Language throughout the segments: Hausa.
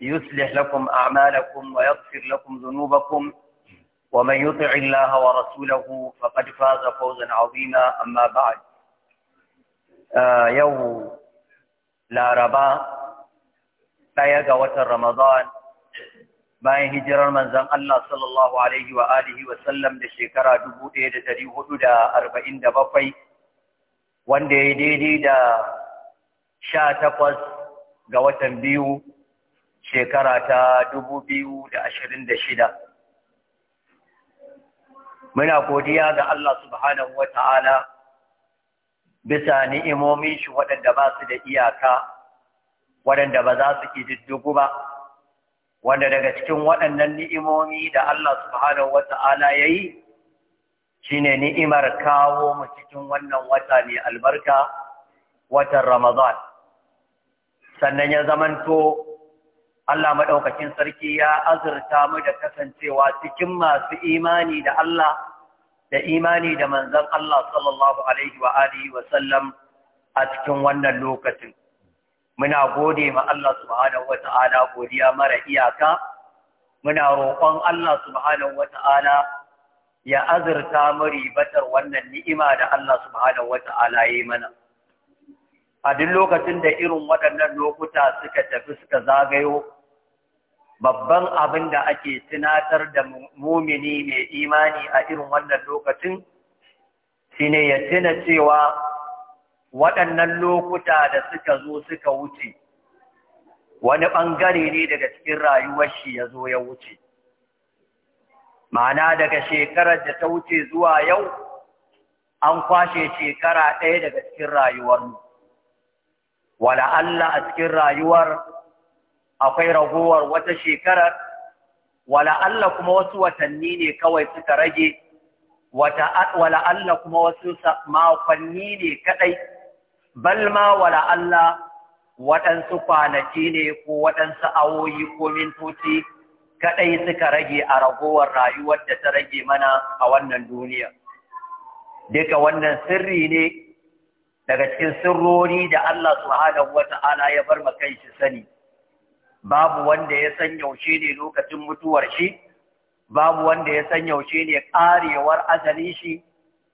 يصلح لكم أعمالكم ويغفر لكم ذنوبكم ومن يطع الله ورسوله فقد فاز فوزا عظيما أما بعد يوم لا ربا ɗaya ga watan Ramadan bayan hijirar manzon Allah sallallahu Alaihi wa alihi da shekara bakwai, wanda ya daidai da sha takwas ga watan biyu shekara ta dubu biyu da ashirin da shida. Muna godiya ga Allah subhanahu wa ta'ala bisa ni'imomi shi waɗanda ba su da iyaka, waɗanda ba za su diddugu ba, wanda daga cikin waɗannan ni'imomi da Allah subhanahu wa ta'ala ya yi, shi ne ni'imar kawo mu cikin wannan wata ne albarka, watan Ramadan. Sannan ya zamanto Allah maɗaukakin sarki ya azurta mu da kasancewa cikin masu imani da Allah da imani da manzon Allah sallallahu alaihi wa alihi wa sallam a cikin wannan lokacin. Muna gode ma Allah subhanahu wa ta'ala godiya mara iyaka, muna roƙon Allah subhanahu wa ta'ala ya azurta mu ribatar wannan ni'ima da Allah subhanahu wa ta'ala ya yi mana. A duk lokacin da irin waɗannan lokuta suka tafi suka zagayo, babban abin da ake tunatar da mumini mai imani a irin wannan lokacin shi ne ya tuna cewa waɗannan lokuta da suka zo suka wuce wani ɓangare ne daga cikin rayuwar shi ya zo ya wuce ma'ana daga shekarar da ta wuce zuwa yau an kwashe shekara ɗaya daga cikin rayuwar mu wala Allah a cikin rayuwar akwai ragowar wata shekarar wala Allah kuma wasu watanni ne kawai suka rage wala Allah kuma wasu makonni ne kadai bal ma wala Allah waɗansu kwanaki ne ko waɗansu awoyi ko mintoci kadai suka rage a ragowar rayuwar da ta rage mana a wannan duniya duka wannan sirri ne daga cikin sirrori da Allah subhanahu wata'ala ya bar makan shi sani babu wanda ya san yaushe ne lokacin mutuwar shi babu wanda ya san yaushe ne ƙarewar ajali shi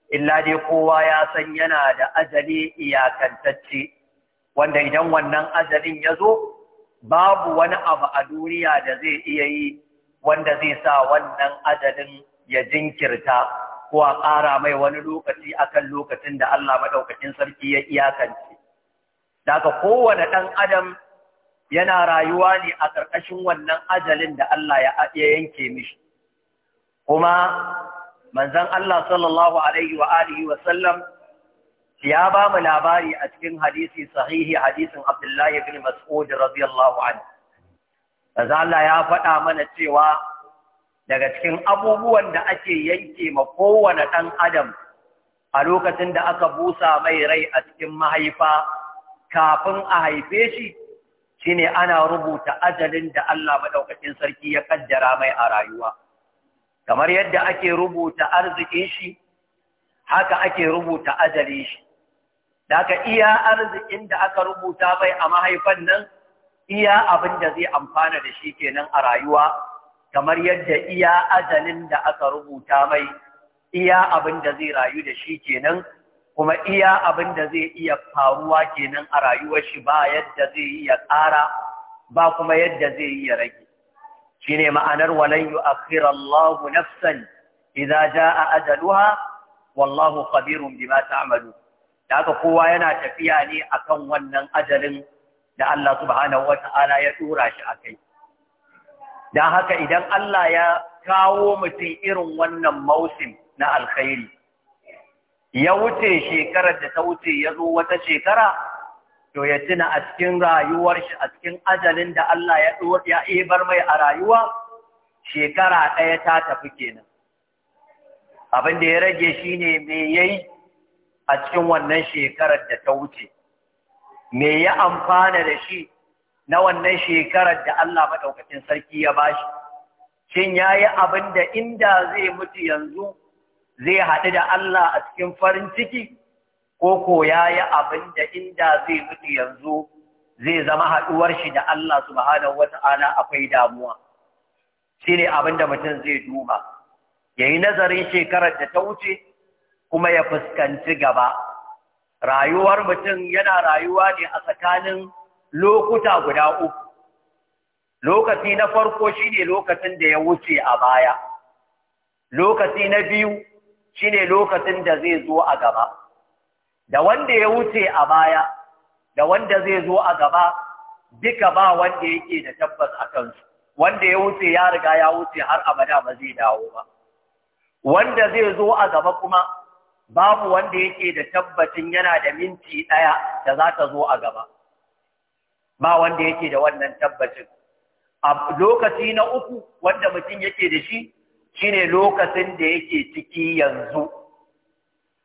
illa dai kowa ya san yana da ajali iyakantacce wanda idan wannan ajalin ya zo babu wani abu a duniya da zai iya yi wanda zai sa wannan ajalin ya jinkirta ko a ƙara mai wani lokaci akan lokacin da Allah maɗaukacin sarki ya iyakance. Daga kowane ɗan adam yana rayuwa ne a ƙarƙashin wannan ajalin da Allah ya yanke mishi kuma manzon Allah sallallahu alaihi wa alihi wa sallam ya ba mu labari a cikin hadisi sahihi hadisin Abdullahi bin Mas'ud radiyallahu anhu Allah ya faɗa mana cewa daga cikin abubuwan da ake yanke ma kowane ɗan adam a lokacin da aka busa mai rai a cikin mahaifa kafin a haife shi shine ana rubuta ajalin da Allah madaukakin sarki ya ƙaddara mai a rayuwa kamar yadda ake rubuta arzikin shi haka ake rubuta ajalin shi da aka iya arzikin da aka rubuta mai a mahaifan nan iya abin da zai amfana da shi kenan a rayuwa kamar yadda iya ajalin da aka rubuta mai iya abin da zai rayu da shi kenan kuma iya abin da zai iya faruwa kenan a rayuwar shi ba yadda zai iya ƙara ba kuma yadda zai iya rage shine ma'anar walan yu'akhkhira nafsan idza jaa ajaluha wallahu khabirun bima ta'malu da haka kowa yana tafiya ne akan wannan ajalin da Allah subhanahu wata'ala ya dora shi akai dan haka idan Allah ya kawo mutum irin wannan mausim na alkhairi ya wuce shekarar da ta wuce ya zo wata shekara to ya tuna a cikin rayuwar shi a cikin ajalin da Allah ya ya ibar mai a rayuwa shekara ɗaya ta tafi kenan abin da ya rage shine me yayi a cikin wannan shekarar da ta wuce me ya amfana da shi na wannan shekarar da Allah madaukakin sarki ya bashi shin yayi abin da inda zai mutu yanzu zai haɗu da Allah a cikin farin ciki ko ko ya yi abin da inda zai mutu yanzu zai zama haɗuwar shi da Allah subhanahu wata'ala akwai damuwa shi ne abin da mutum zai duba ya yi nazarin shekarar da ta wuce kuma ya fuskanci gaba rayuwar mutum yana rayuwa ne a tsakanin lokuta guda uku lokaci na farko shi ne lokacin da ya wuce a baya lokaci na biyu shine lokacin da zai zo a gaba da wanda ya wuce a baya da wanda zai zo a gaba duka ba wanda yake da tabbas a kansu wanda ya wuce ya riga ya wuce har abada ba zai dawo ba wanda zai zo a gaba kuma babu wanda yake da tabbacin yana da minti ɗaya da za ta zo a gaba ba wanda yake da wannan tabbacin a lokaci na uku wanda mutum yake da shi shine lokacin da yake ciki yanzu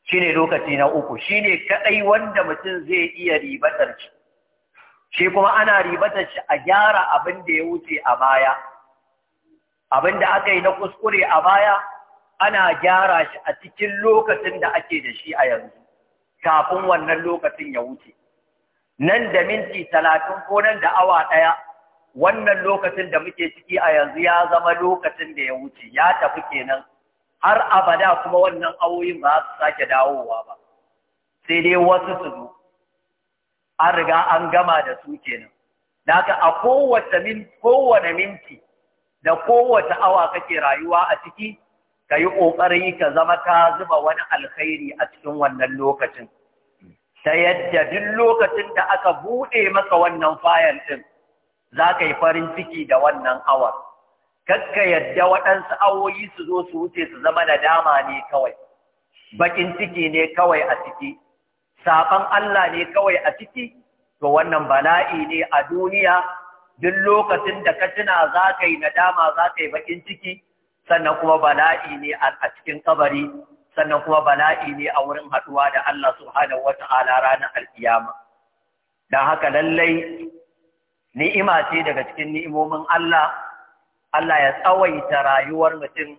shine lokaci na uku shine kaɗai wanda mutum zai iya ribatar shi shi kuma ana ribatar shi a gyara abin da ya wuce a baya abin da aka yi na kuskure a baya ana gyara shi a cikin lokacin da ake da shi a yanzu kafin wannan lokacin ya wuce nan da minti talatin ko nan da awa ɗaya wannan lokacin da muke ciki a yanzu ya zama lokacin da ya wuce ya tafi kenan har abada kuma wannan awoyin ba su sake dawowa ba sai dai wasu su zo an riga an gama da su kenan daga a kowace min kowane minti da kowace awa kake rayuwa a ciki ka yi ƙoƙari ka zama ka zuba wani alkhairi a cikin wannan lokacin ta yadda duk lokacin da aka buɗe maka wannan fayal ɗin za ka yi farin ciki da wannan awar kakka yadda waɗansu awoyi su zo su wuce su zama dama ne kawai bakin ciki ne kawai a ciki safan Allah ne kawai a ciki to wannan bala'i ne a duniya duk lokacin da ka tuna za ka yi nadama za ka yi bakin ciki sannan kuma bala'i ne a cikin kabari sannan kuma bala'i ne a wurin haɗuwa da Allah subhanahu Ta'ala ranar alkiyama don haka lallai ni'ima ce daga cikin ni'imomin Allah Allah ya tsawaita rayuwar mutum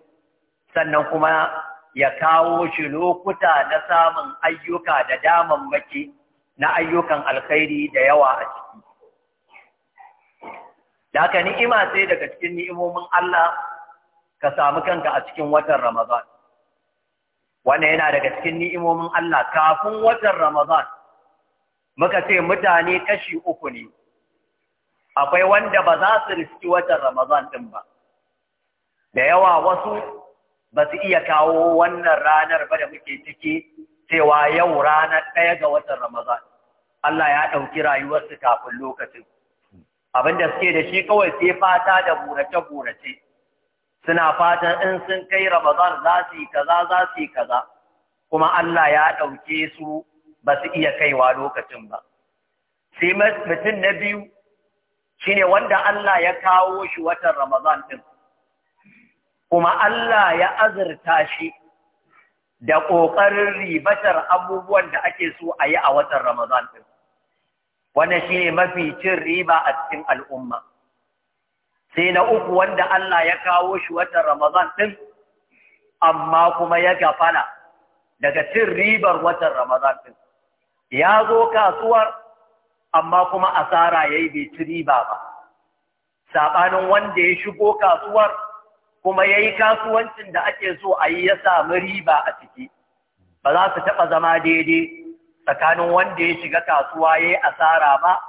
sannan kuma ya kawo shi lokuta na samun ayyuka da maki na ayyukan alkhairi da yawa a ciki Daka ni'ima sai daga cikin ni'imomin Allah ka samu kanka a cikin watan Ramazan. Wannan yana daga cikin ni'imomin Allah kafin watan Ramadan muka ce mutane kashi uku ne. akwai wanda ba za su riski watan ramazan ɗin ba. Da yawa wasu ba su iya kawo wannan ranar ba da muke ciki cewa yau ranar ɗaya ga watan ramazan Allah ya ɗauki rayuwarsu kafin lokacin. Abin da suke da shi kawai sai fata da burace-burace. Suna fatan in sun kai ramazan za su yi kaza za su yi kaza. Kuma Allah ya ɗauke su ba su iya kaiwa lokacin ba. Sai mutum na biyu shine wanda Allah ya kawo shi watan Ramadan ɗin, kuma Allah ya azurta shi da ƙoƙarin ribatar abubuwan da ake so a yi a watan Ramadan ɗin. Wannan shi ne mafi cin riba a cikin al'umma. Sai na uku wanda Allah ya kawo shi watan Ramadan ɗin, amma kuma ya gafana daga cin ribar watan Ramadan ɗin. Ya zo kasuwar amma kuma asara ya yi bai ci riba ba saɓanin wanda ya shigo kasuwar kuma ya yi kasuwancin da ake so a yi ya sami riba a ciki ba za su taɓa zama daidai tsakanin wanda ya shiga kasuwa ya yi asara ba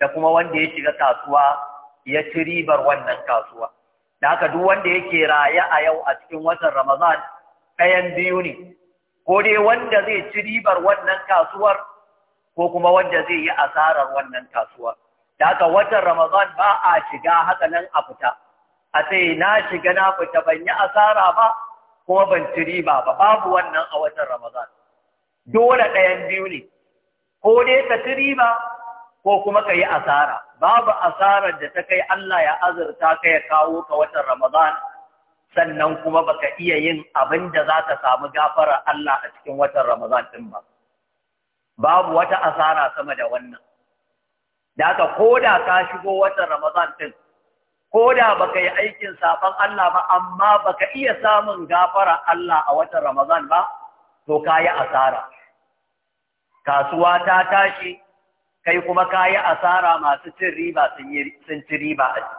da kuma wanda ya shiga kasuwa ya ci ribar wannan kasuwa da haka duk wanda yake raya a yau a cikin watan Ramadan ɗayan biyu ne ko dai wanda zai ci ribar wannan kasuwar ko kuma wanda zai yi asarar wannan kasuwar da watan ramadan ba a shiga haka nan a fita a sai na shiga na fita ban yi asara ba kuma ban ci riba ba babu wannan a watan ramadan dole ɗayan biyu ne ko dai ka ci riba ko kuma ka yi asara babu asarar da ta kai Allah ya azurta ka ya kawo ka watan Ramadan sannan kuma baka iya yin abin da za ka samu gafara Allah a cikin watan Ramadan din ba. babu wata asara sama da wannan da koda ko ka shigo wata ramadan ɗin, ko da baka yi aikin safan Allah ba amma baka iya samun gafara Allah a wata ramadan ba to ka yi asara kasuwa ta tashi kai kuma ka yi asara masu cin riba sun ci riba a ciki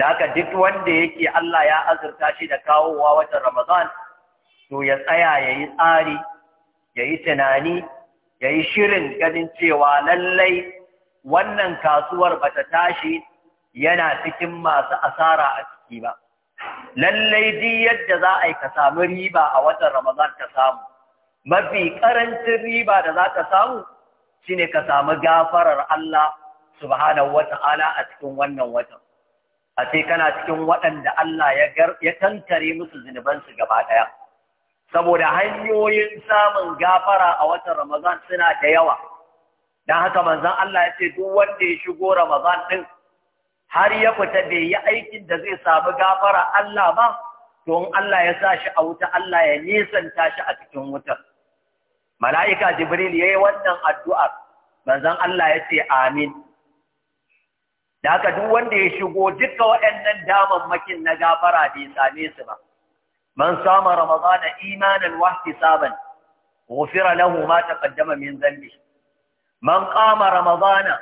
da duk wanda yake Allah ya azurta shi da kawowa wata ramadan to ya tsaya ya yi tsari ya yi tunani ya yi shirin ganin cewa lallai wannan kasuwar ba ta tashi yana cikin masu asara a ciki ba. Lallai di yadda za a yi ka samu riba a watan Ramadan ta samu, mafi ƙarancin riba da za ta samu shi ne ka samu gafarar Allah subhanahu wa ta'ala a cikin wannan watan. A ce kana cikin waɗanda Allah ya tankare musu zunubansu gaba ɗaya. saboda hanyoyin samun gafara a watan Ramazan suna da yawa. Don haka manzan Allah ya ce duk wanda ya shigo Ramazan ɗin har ya fita bai yi aikin da zai samu gafara Allah ba, to in Allah ya sa shi a wuta Allah ya nisanta shi a cikin wutar. Mala'ika Jibril ya yi wannan addu'ar, manzan Allah ya ce amin. Da haka duk wanda ya shigo duka waɗannan damammakin na gafara bai same su ba. من صام رمضان إيمانا واحتسابا غفر له ما تقدم من ذنبه من قام رمضان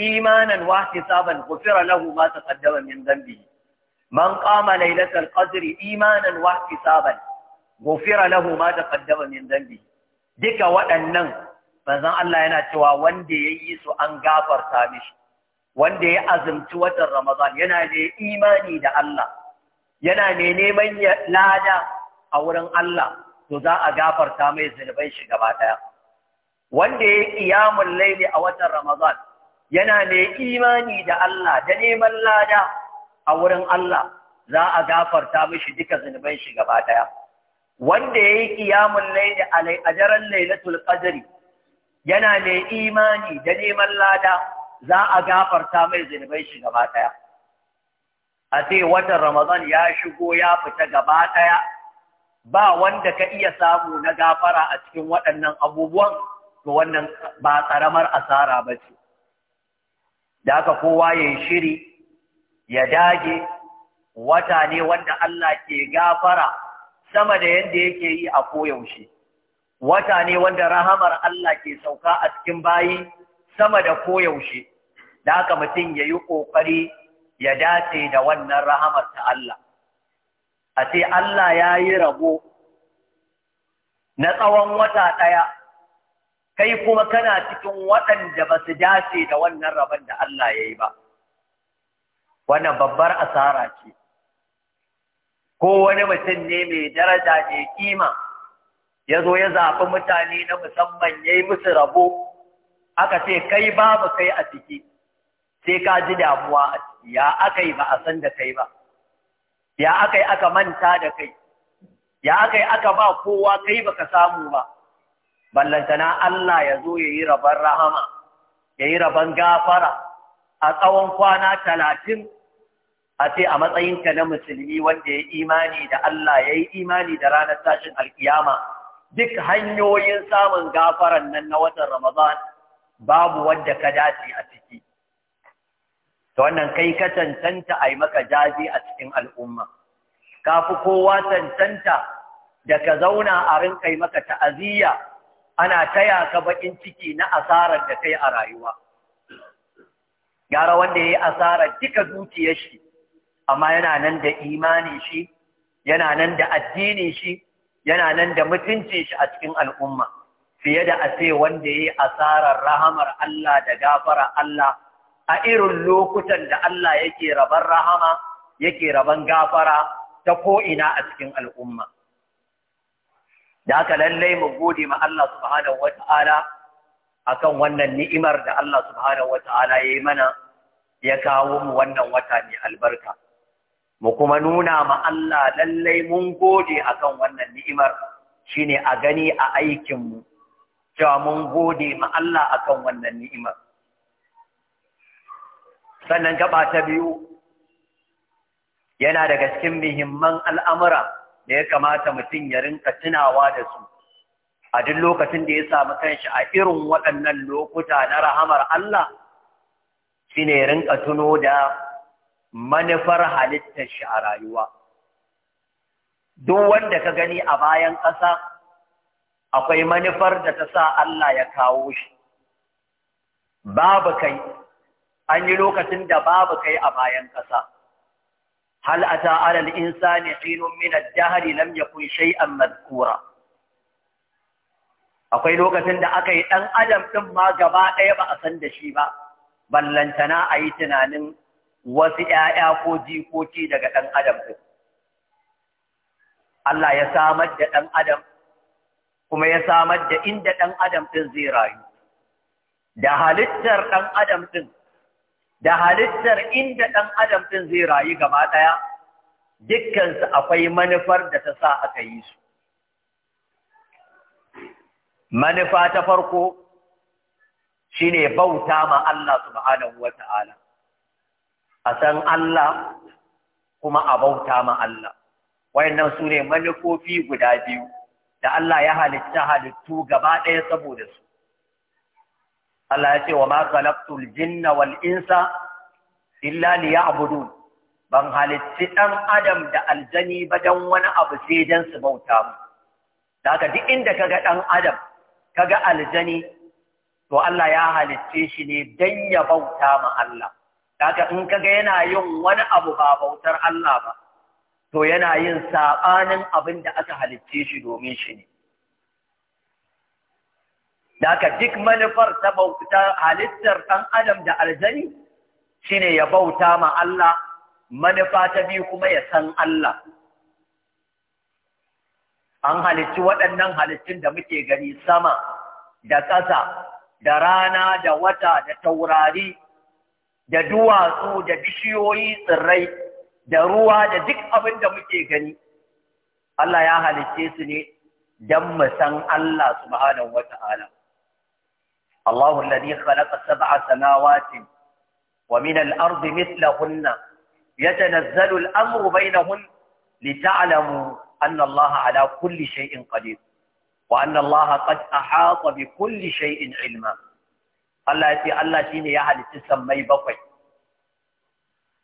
إيمانا واحتسابا غفر له ما تقدم من ذنبه من قام ليلة القدر إيمانا واحتسابا غفر له ما تقدم من ذنبه duka waɗannan manzon Allah yana cewa wanda ya yi su an gafarta mishi wanda ya azumci watan Ramadan yana da imani da Allah yana mai neman lada a wurin Allah to za a gafarta mai zunubai shi gaba daya wanda ya qiyamul laili a watan Ramadan yana mai imani da Allah da neman lada a wurin Allah za a gafarta mishi duka zunubai shi gaba daya wanda yayi ƙiyamun laili a daren lailatul qadri yana mai imani da neman lada za a gafarta mai zunubai shi gaba daya a ce watan Ramadan ya shigo ya fita gaba ɗaya, ba wanda ka iya samu na gafara a cikin waɗannan abubuwan, to wannan ba ƙaramar asara ba ce. Da aka kowa ya shiri, ya dage, wata ne wanda Allah ke gafara sama da yadda yake yi a koyaushe. Wata ne wanda rahamar Allah ke sauka a cikin bayi sama da koyaushe, da aka mutum ya yi ƙoƙari ya dace da wannan rahamar ta Allah a ce Allah ya yi rabo na tsawon wata ɗaya kai kuma kana cikin waɗanda ba su dace da wannan rabon da Allah ya yi ba wannan babbar asara ce ko wani mutum ne mai daraja ne kima ya zo ya zaɓi mutane na musamman ya yi musu rabo aka ce kai babu kai a ciki sai ka ji damuwa a ciki ya aka yi ba a san da kai ba ya aka yi aka manta da kai ya aka yi aka ba kowa kai baka samu ba ballantana Allah ya zo ya yi raban rahama ya yi raban gafara a tsawon kwana talatin a ce a matsayinka na musulmi wanda ya imani da Allah ya yi imani da ranar tashin alkiyama duk hanyoyin samun gafaran nan na watan Ramadan babu wadda ka dace a ciki da wannan kai ka cancanta a yi maka jaji a cikin al'umma ka fi kowa cancanta da ka zauna a rinka maka ta'aziyya ana taya ka baƙin ciki na asarar da kai a rayuwa gara wanda ya yi asarar duka dukiyar shi amma yana nan da imani shi yana nan da addini shi yana nan da mutunci shi a cikin al'umma fiye da a ce wanda ya yi asarar rahamar Allah da gafara Allah a irin lokutan da Allah yake raban rahama yake raban gafara ta ko'ina a cikin al'umma. Da haka lallai mu gode ma Allah subhanahu wa ta'ala a kan wannan ni'imar da Allah subhanahu wa ta'ala ya yi mana ya kawo mu wannan wata mai albarka. Mu kuma nuna ma Allah lallai mun gode a kan wannan ni'imar shi ne a gani a aikinmu, cewa mun gode ma Allah a kan wannan ni'imar. sannan gaba ta biyu yana daga cikin muhimman al'amura da ya kamata mutum ya rinka tunawa da su a duk lokacin da ya samu kanshi a irin waɗannan lokuta na rahamar Allah shi ne rinka tuno da manufar halittar shi a rayuwa duk wanda ka gani a bayan ƙasa akwai manufar da ta sa Allah ya kawo shi babu kai an yi lokacin da babu kai a bayan ƙasa hal ata alal insani hinun min ad-dahr lam yakun shay'an madhkura akwai lokacin da aka yi ɗan adam ɗin ma gaba ɗaya ba a san da shi ba ballantana a yi tunanin wasu ‘ya'ya ko jikoki daga ɗan adam ɗin Allah ya samar da ɗan adam kuma ya samar da inda ɗan adam ɗin zai rayu da halittar ɗan adam ɗin da halittar inda ɗan adam ɗin zai rayu gaba ɗaya dukkansu akwai manufar da ta sa aka yi su manufa ta farko shi ne bauta ma Allah subhanahu Ta'ala. a san Allah kuma a bauta ma Allah wayannan su ne manufofi guda biyu da Allah ya halitta halittu gaba ɗaya saboda su Allah ya ce wa ma khalaqtul jinna wal insa illa liya'budun ban halitti dan adam da aljani ba dan wani abu sai dan su bauta mu daga duk inda kaga dan adam kaga aljani to Allah ya halitte shi ne dan ya bauta ma Allah daga in kaga yana yin wani abu ba bautar Allah ba to yana yin sabanin abin da aka halitte shi domin shi ne Daka duk manufar ta bauta halittar ɗan adam da aljani shine ya bauta ma Allah manufa ta biyu kuma ya san Allah an halicci waɗannan halittun da muke gani sama da ƙasa da rana da wata da taurari da duwatsu da bishiyoyi tsirrai da ruwa da duk abin da muke gani Allah ya halicce su ne don mu san Allah subhanahu ta'ala. الله الذي خلق سبع سماوات ومن الأرض مثلهن يتنزل الأمر بينهن لتعلموا أن الله على كل شيء قدير وأن الله قد أحاط بكل شيء علما الله يتي الله شيني يهل تسمي بقي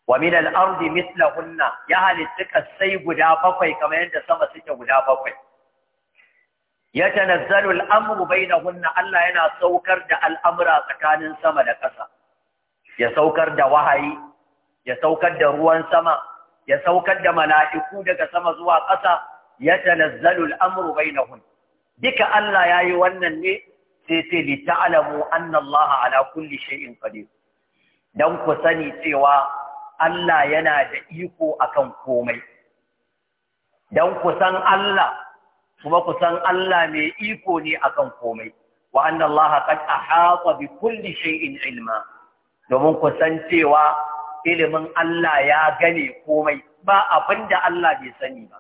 ومن الأرض مثلهن يهل تك السيب دا بقي كما يند سما سيك دا بقي ya tanazzalu al'amru bainahunna Allah yana saukar da al'amura tsakanin sama da ƙasa ya saukar da wahayi ya saukar da ruwan sama ya saukar da mala'iku daga sama zuwa ƙasa ya tanazzalu al'amru bainahun duka Allah yayi wannan ne sai sai li ta'lamu anna Allah ala kulli shay'in qadir dan ku sani tsewa Allah yana da iko akan komai dan ku san Allah kuma ku san Allah mai iko ne akan komai wa anna Allah qad ahata bi kulli shay'in ilma domin ku san cewa ilimin Allah ya gane komai ba abinda Allah bai sani ba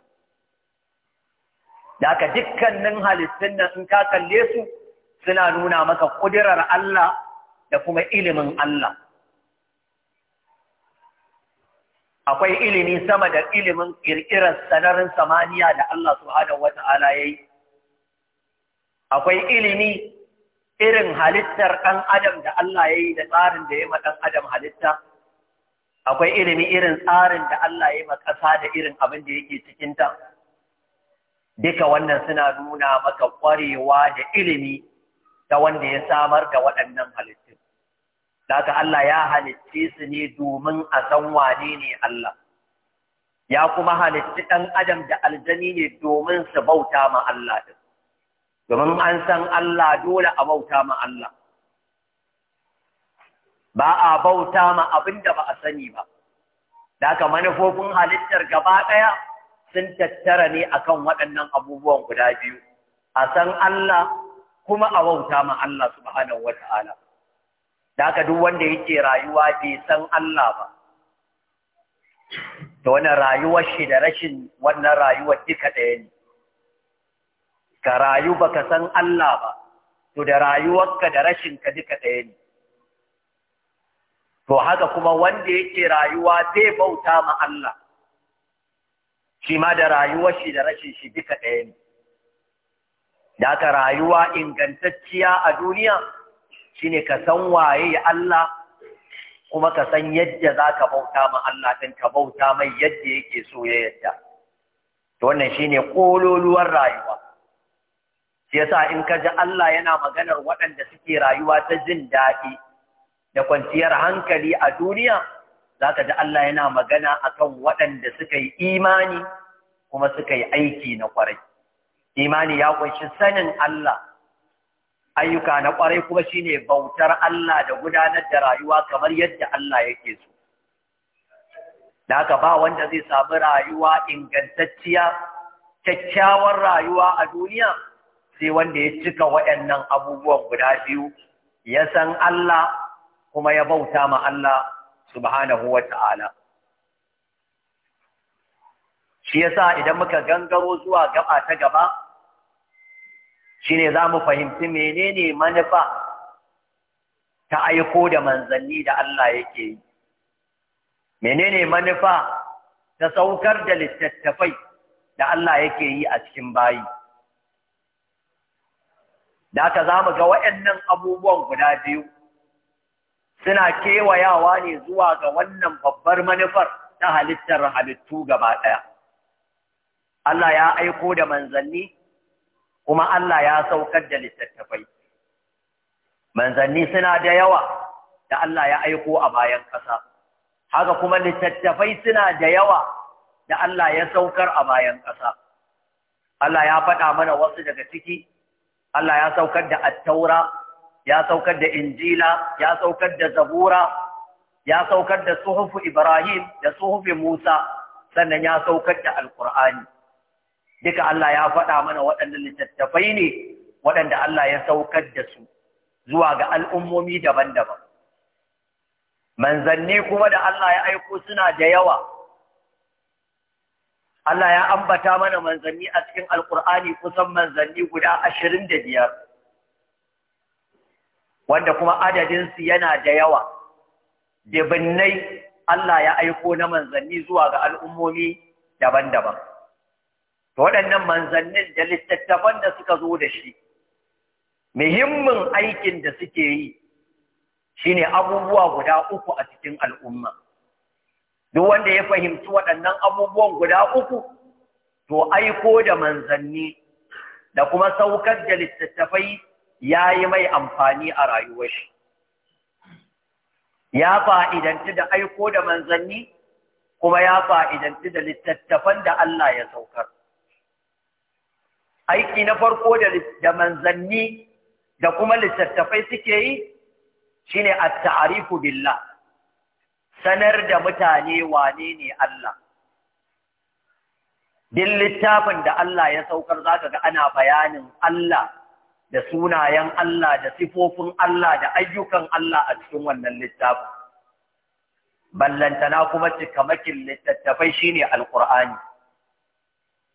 da haka dukkanin halittun nan in ka kalle su suna nuna maka kudirar Allah da kuma ilimin Allah akwai ilimi sama da ilimin ƙirƙirar sanarin samaniya da Allah Wata Ala ya yi akwai ilimi irin halittar ɗan adam da Allah ya yi da tsarin da ya ɗan adam halitta akwai ilimi irin tsarin da Allah ya yi ma ƙasa da irin abin da yake cikinta duka wannan suna nuna maka ƙwarewa da ilimi ta wanda ya samar da waɗannan halittun Daga Allah ya halicce su ne domin a san wane ne Allah. Ya kuma halicci ɗan adam da aljani ne domin su bauta ma Allah ɗin. Domin an san Allah dole a bauta ma Allah. Ba a bauta ma abin da ba a sani ba. Daga manufofin halittar gaba ɗaya sun tattara ne a kan waɗannan abubuwan guda biyu. A san Allah kuma a bauta ma Allah subhanahu wa ta'ala. da ka duk wanda yake rayuwa bai san Allah ba to wannan rayuwar shi da rashin wannan rayuwar duka ɗaya ne ka rayu baka san Allah ba to da rayuwar ka da rashin ka duka ɗaya ne to haka kuma wanda yake rayuwa zai bauta ma Allah shi ma da rayuwar shi da rashin shi duka ɗaya ne da ka rayuwa ingantacciya a duniya ne ka san waye ya Allah kuma ka san yadda za ka bauta ma Allah ɗin ka bauta mai yadda yake so ya yadda to wannan shi ne kololuwar rayuwa shi yasa in ka ji Allah yana maganar waɗanda suke rayuwa ta jin daɗi da kwanciyar hankali a duniya za ka ji Allah yana magana akan waɗanda suka yi imani kuma suka yi aiki na ƙwarai? imani ya ƙunshi sanin Allah ayyuka na kwarai kuma shi ne bautar Allah da gudanar da rayuwa kamar yadda Allah yake so da haka ba wanda zai sami rayuwa ingantacciya kyakkyawar rayuwa a duniya sai wanda ya cika waɗannan abubuwan guda biyu ya san Allah kuma ya bauta ma Allah subhanahu wa ta'ala shi yasa idan muka gangaro zuwa gaba ta gaba shine za mu fahimci menene manufa ta aiko da manzanni da Allah yake yi menene manufa ta saukar da littattafai da Allah yake yi a cikin bayi da ta za mu ga waɗannan abubuwan guda biyu suna kewayawa ne zuwa ga wannan babbar manufar ta halittar halittu gaba ɗaya Allah ya aiko da manzanni kuma Allah ya saukar da littattafai manzanni suna da yawa da Allah ya aiko a bayan ƙasa haka kuma littattafai suna da yawa da Allah ya saukar a bayan ƙasa Allah ya faɗa mana wasu daga ciki Allah ya saukar da attaura ya saukar da injila ya saukar da zabura ya saukar da suhufu ibrahim da suhufi musa sannan ya saukar da alkur'ani duka Allah ya faɗa mana waɗannan littattafai ne waɗanda Allah ya saukar da su zuwa ga al'ummomi daban-daban. Manzanni kuma da Allah ya aiko suna da yawa. Allah ya ambata mana manzanni a cikin Alƙur'ani kusan manzanni guda ashirin da biyar, wanda kuma adadinsu yana da yawa. Dibinnai Allah ya aiko na manzanni zuwa ga al'ummomi daban-daban. To waɗannan manzannin da littattafan da suka zo da shi muhimmin aikin da suke yi shine abubuwa guda uku a cikin al'umma duk wanda ya fahimci waɗannan abubuwan guda uku to aiko da manzanni da kuma saukar da littattafai ya yi mai amfani a rayuwar shi ya fa'idanci da aiko da manzanni kuma ya fa'idanci da littattafan da Allah ya saukar aiki na farko da manzanni da kuma littattafai suke yi shine at ta'arifu billah sanar da mutane wane ne Allah din littafin da Allah ya saukar zaka ga ana bayanin Allah da sunayen Allah da sifofin Allah da ayyukan Allah a cikin wannan littafin ballantana kuma cikamakin littattafai shine alqur'ani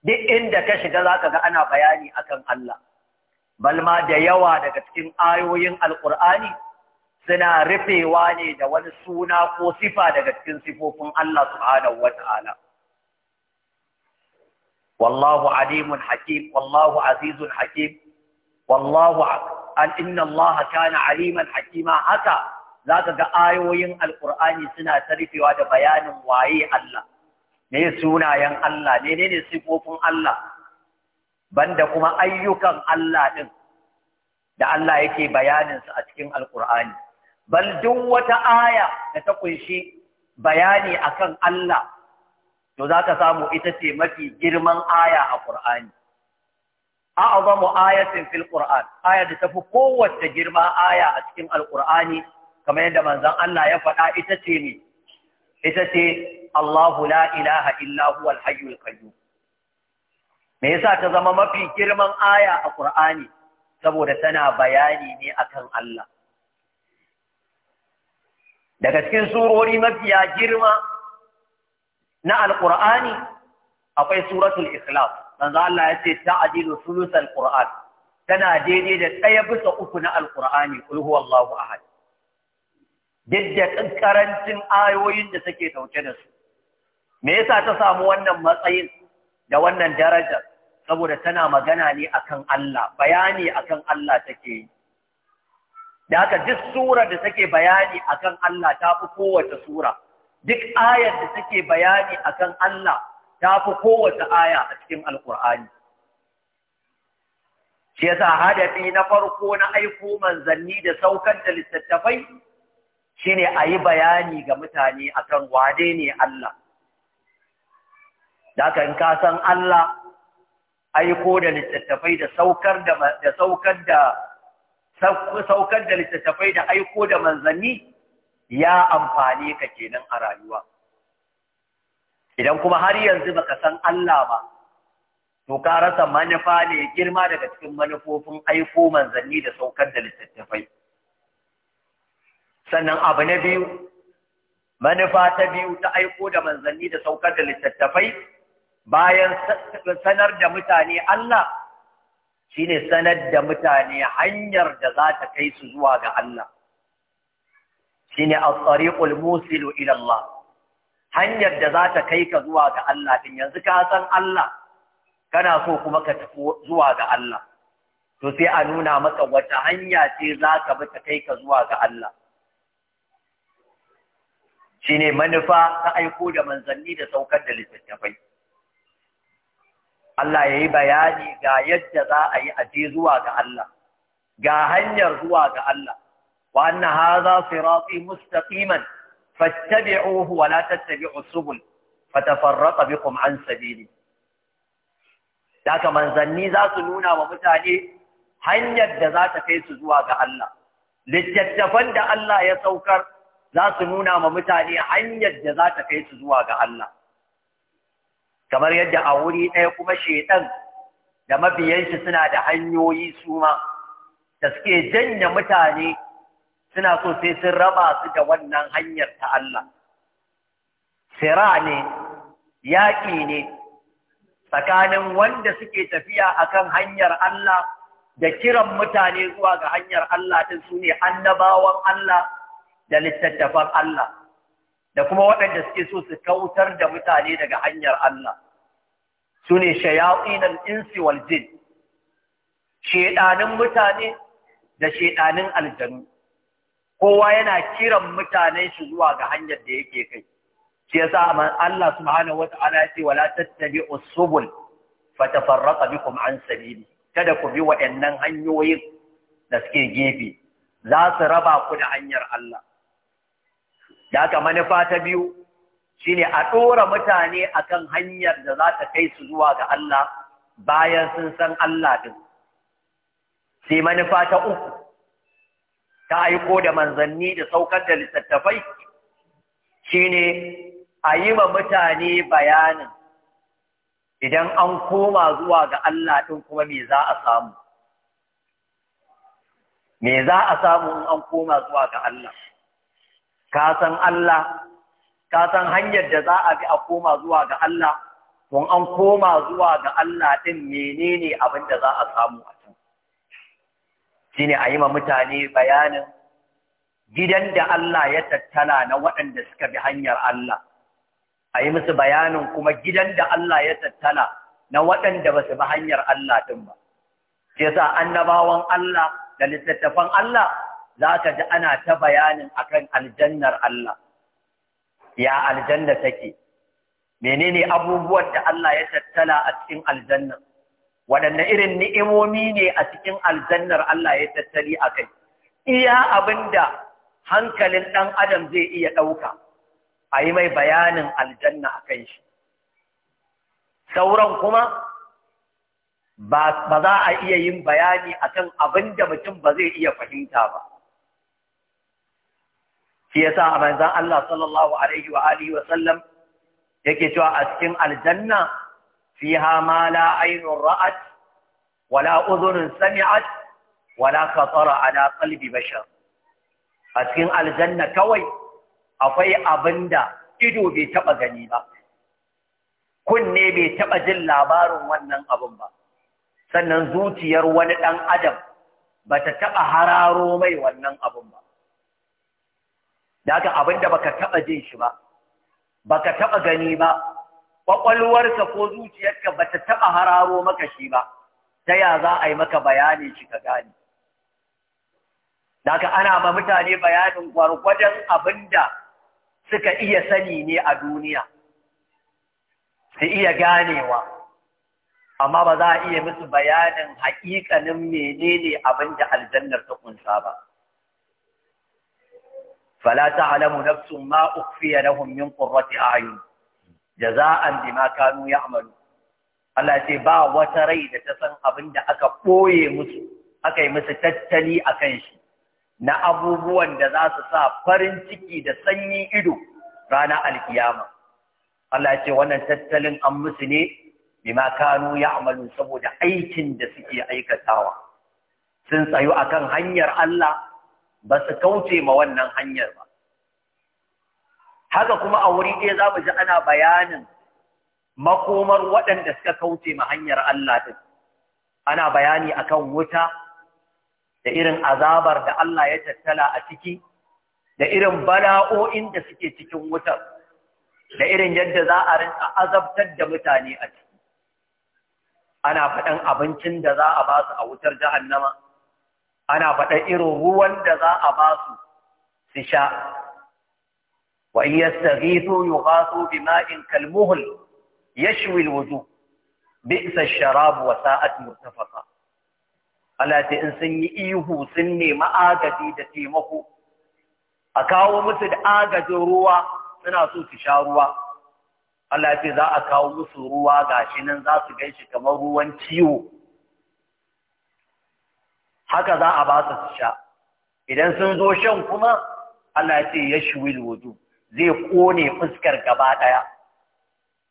duk inda ka shiga za ka ga ana bayani akan Allah balma da yawa daga cikin ayoyin alƙur'ani suna rufewa ne da wani suna ko sifa daga cikin sifofin Allah subhanahu Ta'ala. wallahu alimun hakim wallahu azizun hakim wallahu an Allah kana aliman hakima haka zaka ga ayoyin alqur'ani suna tarifewa da bayanin waye Allah ne sunayen Allah ne ne ne sifofin Allah banda kuma ayyukan Allah ɗin, da Allah yake bayanin su a cikin Alkur'ani bal duk wata aya da ta kunshi bayani akan Allah to zaka samu ita ce mafi girman aya a Qur'ani a'zamu ayatin fil Qur'an aya da ta fi kowace girma aya a cikin Alƙur'ani. kamar yadda manzon Allah ya faɗa ita ce ne ita ce Allahu la ilaha illa huwal hayyul qayyum me yasa ta zama mafi girman aya a Qur'ani saboda tana bayani ne akan Allah daga cikin surori mafiya girma na alqur'ani akwai suratul ikhlas manzo Allah ya ce ta'dilu thuluthal qur'an tana daidai da ɗaya bisa uku na alqur'ani qul huwallahu ahad duk da karancin ayoyin da take dauke da su me yasa ta samu wannan matsayin da wannan daraja saboda tana magana ne akan Allah bayani akan Allah take yi da haka duk sura da take bayani akan Allah ta fi kowace sura duk ayar da take bayani akan Allah ta fi kowace aya a cikin alkur'ani shi yasa hadafi na farko na aiko manzanni da saukar da littattafai shine a yi bayani ga mutane akan wane ne Allah da in ka san Allah aiko da littattafai da saukar da da saukar da littattafai da aiko da manzanni ya amfani ka kenan a rayuwa idan kuma har yanzu baka san Allah ba to ka rasa manufa ne girma daga cikin manufofin aiko manzanni da saukar da littattafai sannan abu na biyu manufa ta biyu ta aiko da manzanni da saukar da littattafai bayan sanar da mutane Allah shine sanar da mutane hanyar da za ta kai su zuwa ga Allah shine as-tariqul musilu ila Allah hanyar da za ta kai ka zuwa ga Allah din yanzu ka san Allah kana so kuma ka tafi zuwa ga Allah to sai a nuna maka wata hanya ce za ka bi ta kai ka zuwa ga Allah shine manufa ta aiko da manzanni da saukar da littattafai Allah ya yi bayani ga yadda za a yi aje zuwa ga Allah ga hanyar zuwa ga Allah wa anna hadha sirati mustaqiman fattabi'uhu wa la tattabi'u subul fatafarraqa bikum an sabili Daka manzanni za su nuna wa mutane hanyar da za ta kai su zuwa ga Allah littattafan da Allah ya saukar za su nuna ma mutane hanyar da za ta kai su zuwa ga Allah kamar yadda a wuri ɗaya kuma shaiɗan da mabiyanshi suna da hanyoyi su ma da suke janye mutane suna so sai sun raba su da wannan hanyar ta Allah sira ne yaƙi ne tsakanin wanda suke tafiya a kan hanyar Allah da kiran mutane zuwa ga hanyar Allah ɗin su ne annabawan Allah da littattafan Allah da kuma waɗanda suke so su kautar da mutane daga hanyar Allah su ne shaya'inan insi wal jin shedanin mutane da shedanin aljanu kowa yana kiran mutanen shi zuwa ga hanyar da yake kai shi yasa Allah subhanahu wata'ala ya ce wala tattabi'us subul fatafarraqa bikum an sabili kada ku bi waɗannan hanyoyin da suke gefe za su raba ku da hanyar Allah da aka manufa ta biyu shi ne a ɗora mutane a kan hanyar da za ta kai su zuwa ga Allah bayan sun san Allah ɗin. sai manufa ta uku ta aiko da manzanni da saukar da littattafai Shi ne a yi wa mutane bayanin idan an koma zuwa ga Allah ɗin kuma me za a samu me za a samu in an koma zuwa ga Allah ka san Allah ka san hanyar da za a bi a koma zuwa ga Allah don an koma zuwa ga Allah din menene abin da za a samu a can shine a yi ma mutane bayanin gidan da Allah ya tattala na waɗanda suka bi hanyar Allah a yi musu bayanin kuma gidan da Allah ya tattala na waɗanda ba su bi hanyar Allah din ba sai sa annabawan Allah da littattafan Allah za ka ji ana ta bayanin akan aljannar Allah ya aljanna take menene abubuwan da Allah ya tattala a cikin aljanna waɗanne irin ni'imomi ne a cikin aljannar Allah ya tattali a kai iya abinda hankalin ɗan adam zai iya ɗauka a yi mai bayanin aljanna a kan shi sauran kuma ba za a iya yin bayani akan abin da mutum ba zai iya fahimta ba shi yasa manzan Allah sallallahu alaihi wa alihi wa sallam yake cewa a cikin aljanna fiha ma la aynun ra'at wala udhunun sami'at wala khatara ala qalbi bashar a cikin aljanna kawai akwai abinda ido bai taba gani ba kunne bai taba jin labarin wannan abin ba sannan zuciyar wani dan adam bata taba hararo mai wannan abin ba da haka abin da baka taɓa jin shi ba baka taɓa gani ba ƙwaƙwalwarka ko zuciyarka bata taɓa hararo maka shi ba ta ya za a yi maka bayani shi ka gane daga ana ma mutane bayanin gwargwadon abin da suka iya sani ne a duniya su iya ganewa amma ba za a iya musu bayanin haƙiƙanin menene abin da aljannar ta kunsa ba فلا تعلم نفس ما أخفي لهم من قرة أعين جزاء بما كانوا يعملون Allah ce ba wata rai da ta san abin da aka ɓoye musu, aka yi musu tattali a kan shi, na abubuwan da za su sa farin ciki da sanyi ido rana alkiyama. Allah ce wannan tattalin an musu ne, bima kanu ya amalu saboda aikin da suke aikatawa. Sun tsayu a kan hanyar Allah, ba su kauce ma wannan hanyar ba haka kuma a wuri ɗaya za mu ji ana bayanin makomar waɗanda suka kauce ma hanyar Allah ɗin ana bayani akan wuta da irin azabar da Allah ya tattala a ciki da irin bala'o'in da suke cikin wutar da irin yadda za a rinka azabtar da mutane a ciki ana faɗan abincin da za a ba su a wutar jahannama ana faɗa irin ruwan da za a ba su su sha wa in yastaghithu yughathu bima'in kalmuhl yashwi alwujuh bi'sa ash-sharab wa sa'at murtafaqa Allah in sun yi ihu sun nemi agaji da taimako a kawo musu da agajin ruwa suna so su sha ruwa Allah ya za a kawo musu ruwa gashi nan za su gan shi kamar ruwan ciwo haka za a ba su sha idan sun zo shan kuma Allah ya ce ya shuwil wudu zai kone fuskar gaba daya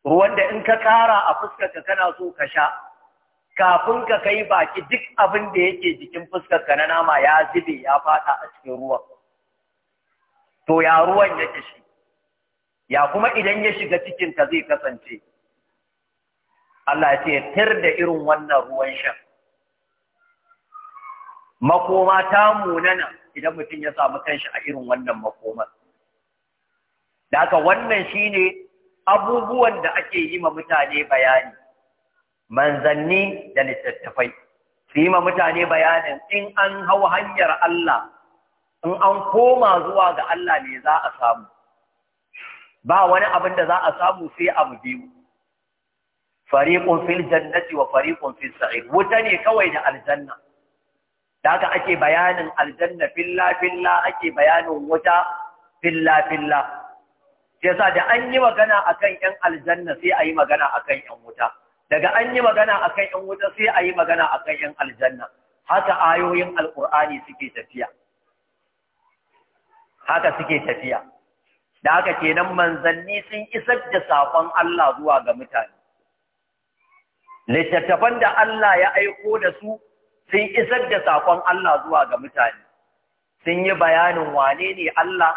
ruwan da in ka kara a fuskar ka kana so ka sha kafin ka kai baki duk abin da yake jikin fuskar ka na nama ya zube ya fada a cikin ruwan to ya ruwan ya kishi ya kuma idan ya shiga cikin ka zai kasance Allah ya ce tir da irin wannan ruwan shan makoma ta munana idan mutum ya samu kanshi a irin wannan makoma da aka wannan shine abubuwan da ake yi ma mutane bayani manzanni da littattafai su yi ma mutane bayanin in an hau hanyar Allah in an koma zuwa ga Allah ne za a samu ba wani abin da za a samu sai abu biyu fariƙun fil jannati wa fariƙun fil sa'ir wuta ne kawai da aljanna da ake bayanin aljanna filla filla ake bayanin wuta filla filla sai sa da an yi magana akan yan aljanna sai a yi magana akan yan wuta daga an yi magana akan yan wuta sai a yi magana akan yan aljanna haka ayoyin alqur'ani suke tafiya haka suke tafiya da haka kenan manzanni sun isar da saƙon Allah zuwa ga mutane littattafan da Allah ya aiko da su sun isar da saƙon Allah zuwa ga mutane sun yi bayanin wane ne Allah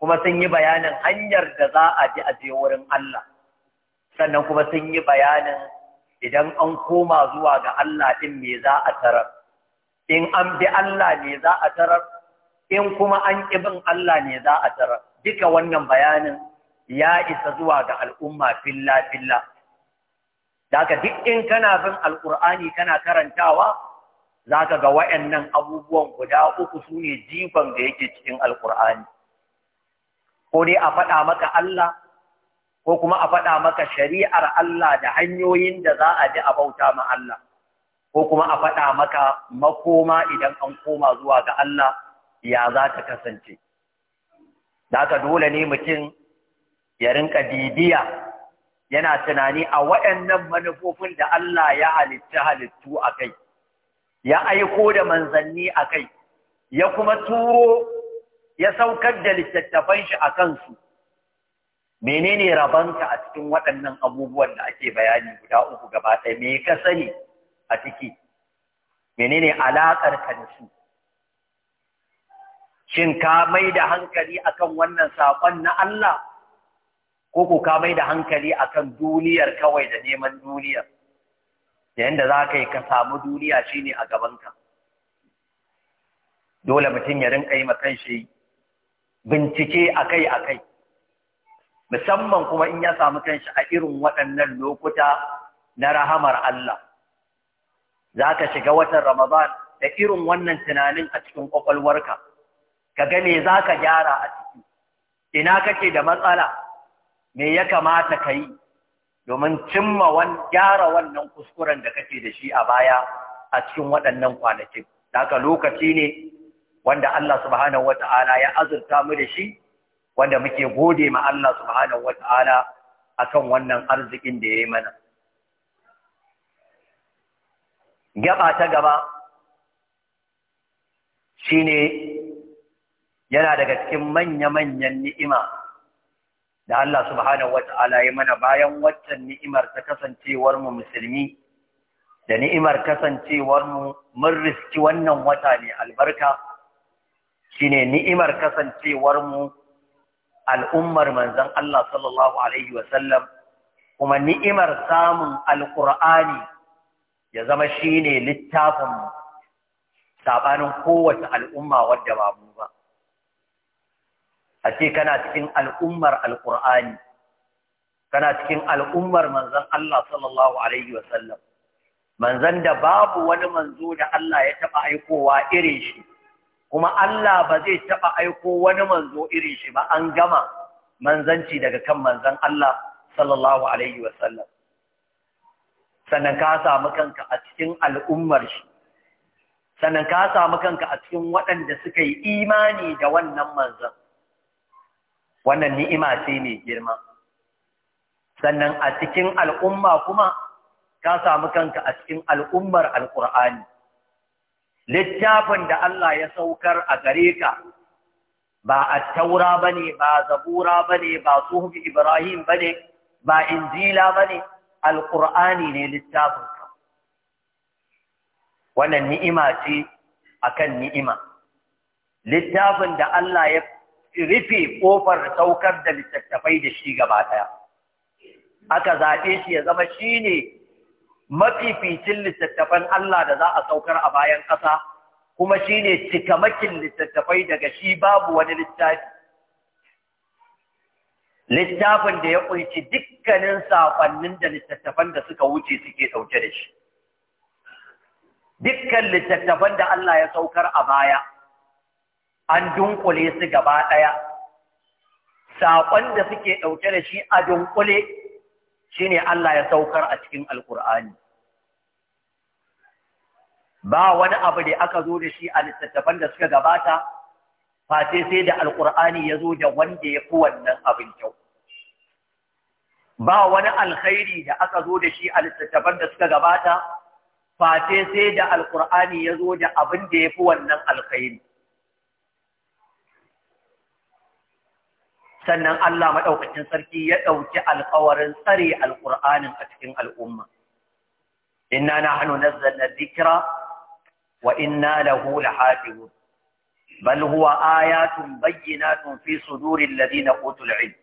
kuma sun yi bayanin hanyar da za a ji a je wurin Allah sannan kuma sun yi bayanin idan an koma zuwa ga Allah ɗin me za a tarar in an bi Allah ne za a tarar in kuma an ƙibin Allah ne za a tarar duka wannan bayanin ya isa zuwa ga al'umma filla filla Daka duk in kana bin alkur'ani kana karantawa za ka ga wa'annan abubuwan guda uku su ne jifan da yake cikin alkur'ani ko dai a faɗa maka Allah ko kuma a faɗa maka shari'ar Allah da hanyoyin da za a ji a bauta ma Allah ko kuma a faɗa maka makoma idan an koma zuwa ga Allah ya za ta kasance Daka dole ne mutum ya rinka bibiya yana tunani a waɗannan manufofin da Allah ya halitta halittu a kai, ya aiko da manzanni a kai, ya kuma turo ya saukar da littattafan shi a kansu. Menene ka a cikin waɗannan abubuwan da ake bayani guda uku gaba ɗaya me ka sani a ciki? Menene alaƙar ka da su? Shin ka mai da hankali akan wannan saƙon na Allah? ko ko ka mai da hankali akan duniyar kawai da neman duniyar da yadda za ka yi ka samu duniya shine a gabanka dole mutum ya rinka yi makan shi bincike akai akai musamman kuma in ya samu kanshi a irin waɗannan lokuta na rahamar Allah za ka shiga watan Ramadan da irin wannan tunanin a cikin ƙwaƙwalwarka ka gane za ka gyara a ciki ina kake da matsala me ya kamata ka yi domin cimma wan gyara wannan kuskuren da kake da shi a baya a cikin waɗannan kwanakin haka lokaci ne wanda Allah subhanahu wata'ala ya azurta mu da shi wanda muke gode ma Allah subhanahu wata'ala akan wannan arzikin da ya yi mana gaba ta gaba shine yana daga cikin manya-manyan ni'ima da Allah subhanahu wata'ala ya mana bayan waccan ni'imar ta kasancewar mu musulmi da ni'imar kasancewar mu mun riski wannan wata ne albarka shine ni'imar kasancewar mu al'ummar manzon Allah sallallahu alaihi wa sallam kuma ni'imar samun alqur'ani ya zama shine littafin sabanin kowace al'umma wadda ba mu ba a ce kana cikin al'ummar alƙur'ani kana cikin al'ummar manzan Allah sallallahu alaihi wasallam manzan da babu wani manzo da Allah ya taɓa aikowa irin shi kuma Allah ba zai taɓa aiko wani manzo irin shi ba an gama manzanci daga kan manzan Allah sallallahu alaihi wasallam sannan ka samu kanka a cikin al'ummar shi sannan ka samu kanka a cikin waɗanda suka yi imani da wannan manzan wannan ni'ima ce mai girma sannan a cikin al'umma kuma ka samu kanka a cikin al'ummar Alkur'ani. littafin da Allah ya saukar a gare ka ba a taura ba ne ba zabura ba ne ba suhufi ibrahim ba ne ba injila bane. Alkur'ani ne littafin ka wannan ni'ima ce akan ni'ima littafin da Allah ya rufe ƙofar saukar da littattafai da shi gaba ɗaya. Aka zaɓe shi ya zama shi ne mafificin littattafan Allah da za a saukar a bayan ƙasa, kuma shi ne cikamakin littattafai daga shi babu wani littafi. Littafin da ya ƙunshi dukkanin saƙonnin da littattafan da suka wuce suke ɗauke da shi. Dukkan littattafan da Allah ya saukar a baya. an dunkule su gaba ɗaya saƙon da suke ɗauke da shi a dunkule ne Allah ya saukar a cikin Alƙur'ani. ba wani abu da aka zo da shi a littattafan da suka gabata face sai da Alƙur'ani ya zo da wanda ya fi wannan abin kyau ba wani alkhairi da aka zo da shi a littattafan da suka gabata face sai da Alƙur'ani ya zo da abin da ya fi wannan alkhairi sannan Allah madaukakin sarki ya dauki alƙawarin tsare alƙur'anin a cikin al'umma inna nahnu nazzalna dhikra wa inna lahu lahafizun bal huwa ayatun bayyinatun fi suduril ladina utul ilm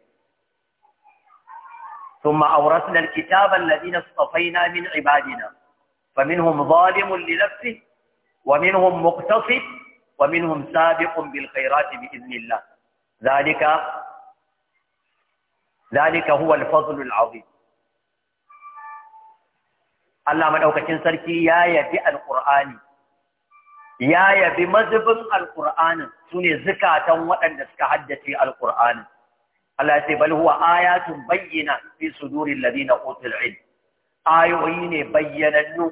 thumma awrasna alkitaba الكتاب istafayna min ibadina faminhum zalimun li nafsihi ومنهم مقتصد ومنهم سابق بالخيرات بإذن الله ذلك zalika huwa al-fadlul Allah madaukakin sarki ya yabi alqur'ani ya yabi mazubin alqur'anin sune zikatan waɗanda suka haddace alqur'anin Allah ya ce bal huwa ayatun bayyina fi suduril ladina utul ilm ayoyi ne bayyanannu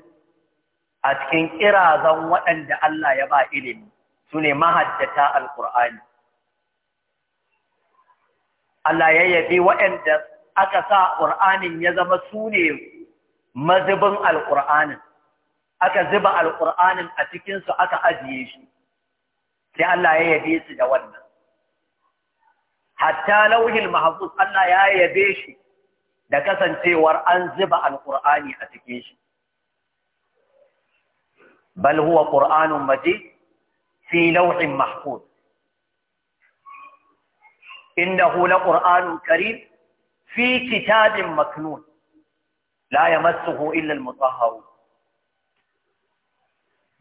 a cikin kirazan waɗanda Allah ya ba ilimi sune mahaddata alqur'ani Allah ya yabi waɗanda aka sa Qur'anin ya zama su ne mazubin Alƙur'anin aka zuba Alƙur'anin a cikinsu aka ajiye shi sai Allah ya yabe su da wannan hatta lauhin mahfuz Allah ya yabe shi da kasancewar an zuba Alƙur'ani a cikin shi bal huwa qur'anun majid fi lawhin mahfuz إنه لقرآن كريم في كتاب مكنون لا يمسه إلا المطهرون